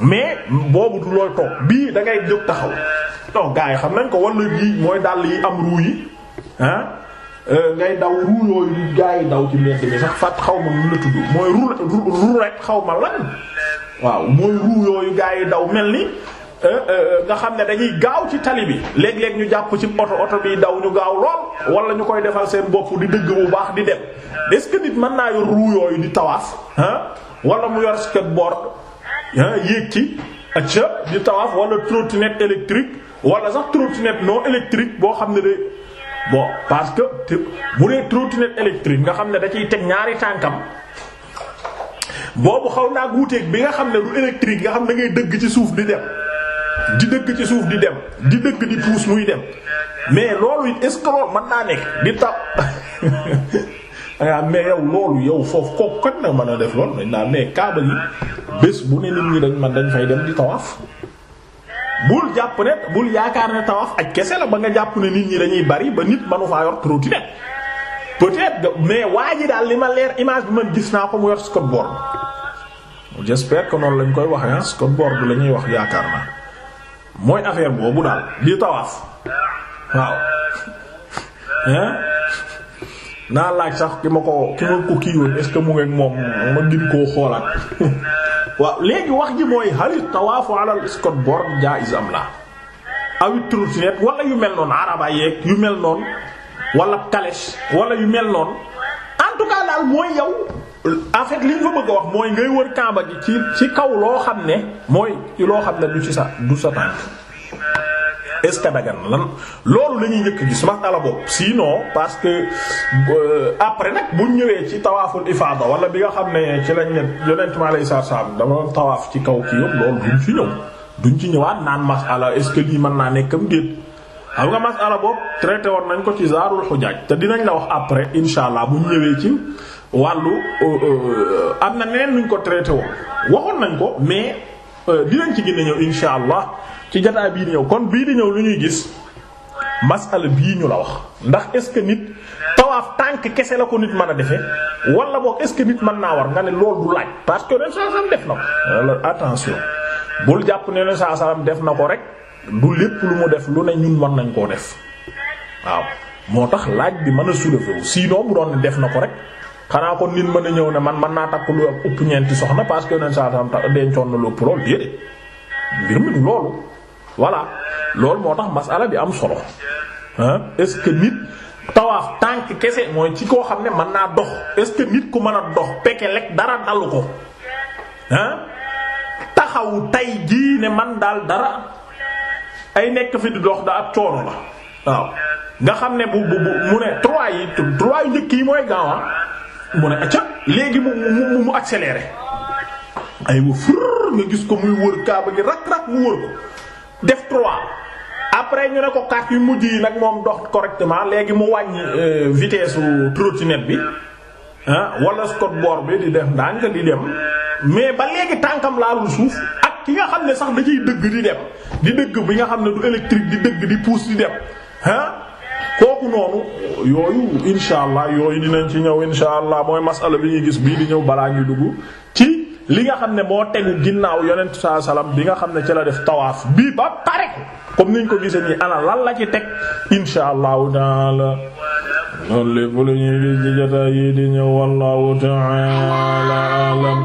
Speaker 1: mais boobu du looy toog bii da ngay jóg taxaw non gaa yi xam nañ ko wala gi mooy dàll yi am ruu yi euh, ngay daw ruu yooyu di gars yi daw ci mbedd mi sax fat xaw ma nu la tudd mooy ruu ruu rek xaw ma waaw mooy ruu yooyu gars yi daw mel ni euh, euh, nga xam ne dañuy gaaw ci tali bi léeg-léeg ñu jàpp ci oto oto bi daw ñu gaaw lool wala ñu koy defal seen bopp di dëgg bu baax di dem est-ce que nit mën naa yor ruu yooyu di tawaas ah wala mu yor skateboard ah yéeg ci acca di tawaaf wala trottinette électrique wala sax trottinette non électrique boo xam ne day bon parce que bu dee trottinette électrique nga xam ne da ciy teg ñaari tànkam boobu xaw naa wuuteeg bi nga xam ne du électrique nga xam da ngay dëgg ci suuf di dem di dëgg ci suuf di dem di dëgg di puus muy dem mais loolu it est-ce que loolu naa nekk di taw ah mais yow loolu yow foofu kooku kon na mën a def loolu dañ naa mais kaaba yi bés bu ne nit ñi dañ man dañ fay dem di tawaaf. bul jàpp ne bul yaakaar ne tawaaf ak kese la ba nga jàpp ne nit ñi lañuy bari ba nit manu faa yor trottinette peut-être mais waa ji daal li ma leer image bi man gis naa ko mu yor skateboard j'espère que noonu lañ koy waxee ah skateboard la ñuy wax yaakaar naa mooy affaire boobu daal di tawaaf waaw. naa laaj sax ki ma ko ki ma ko kii woon est que mu ngeeg moom ma gin koo xoolaat. waaw léegi wax ji mooy halit tawaafu alal skateboard jaiz am la awit trottinette wala yu mel noonu araba yeeg yu mel noon walla calèche wala yu mel noon en daal mooy yow en fait li nga fa bëgg a wax mooy ngay wër kamba ji ci ci kaw loo xam ne mooy loo xam ne du ci sa du sa tànk est-ce que dagan lan loolu la ñuy njëkk gis masala si sinon parce que euh, après nag bu ñëwee ci tawaaful ifaada wala bi nga xam ne ci lañ ne yonent ma lay saa saam dama doon tawaaf ci kaw kii yëpp loolu duñ ci ñëw duñ ci ñëwaat naan masala est-ce que lii mën naa nekkam déet xam nga masala bopp traité woon nañ ko ci zaarul xujaaj te dinañ la wax après insha allah bu ñëwee ci wàllu euh, euh, am na neneen nuñ ko traité woon waxoon nañ ko mais dinañ ci gën a ñëw insha allah ci jotaay bii di ñëw kon bii di ñëw lu ñuy gis masala bii ñu la wax ndax est-ce nit tawaaf tànk kese la ko nit mën a defee wala boo est-ce que nit mën naa war nga ne loolu du laaj parce que ren def na ko. attention bul jàpp ne ren saa saam def na ko rek du lépp lu mu def lu ne ñun mën nañ koo def waaw moo tax laaj bi man a soulever sinon bu doon def na ko rek. xanaa kon nit mën a ñëw ne man man naa takk lu ëpp ñeenti soxna parce que ren saa saam dencoon na lu ëpp lool déedéet mbir mi loolu. voilà loolu moo tax masala bi am solo ah est-ce que nit tawaaf tànk kese mooy ci koo xam ne mën naa dox est-ce que nit ku mën a dox peke lekk dara dalu ko ah taxawu tay jii ne man daal dara ay nekk fi di dox da ab coono la waaw nga xam ne bu bu mu ne trois yi trois yi njëkk yi mooy gaawa ah. mu ne acca léegi mu mu mu accéléré ay wa nga gis ko muy wër kaaba gi rak rak mu wër def trois après ñu ne ko carte yu mujj yi nag moom dox correctement léegi mu wàññi euh, vitesse su trottinette bi ah wala skateboard bi di def ndànk di dem mais ba léegi tànkam laalul suuf ak ki nga xam ne sax da ciy dëgg di dem di dëgg bi nga xam ne du électrique di dëgg di pousse di dem ah kooku noonu yooyu insha allah yooyu dinañ ci ñëw insha allah mooy masala bi ñuy gis bii di ñëw balaa ñuy dugg ci li nga xam ne moo tegu ginnaaw yonent saa salaam bi nga xam ne ci la def tawaaf bii ba pare comme niñ ko gisee nii ala lan la ci teg insha allahu taala loolu lépp lu ñuy gis ci yi di ñëw wallahu taala alam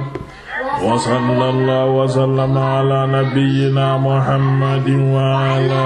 Speaker 1: wa sallallahu ala nabiyyina muhammadin wa ala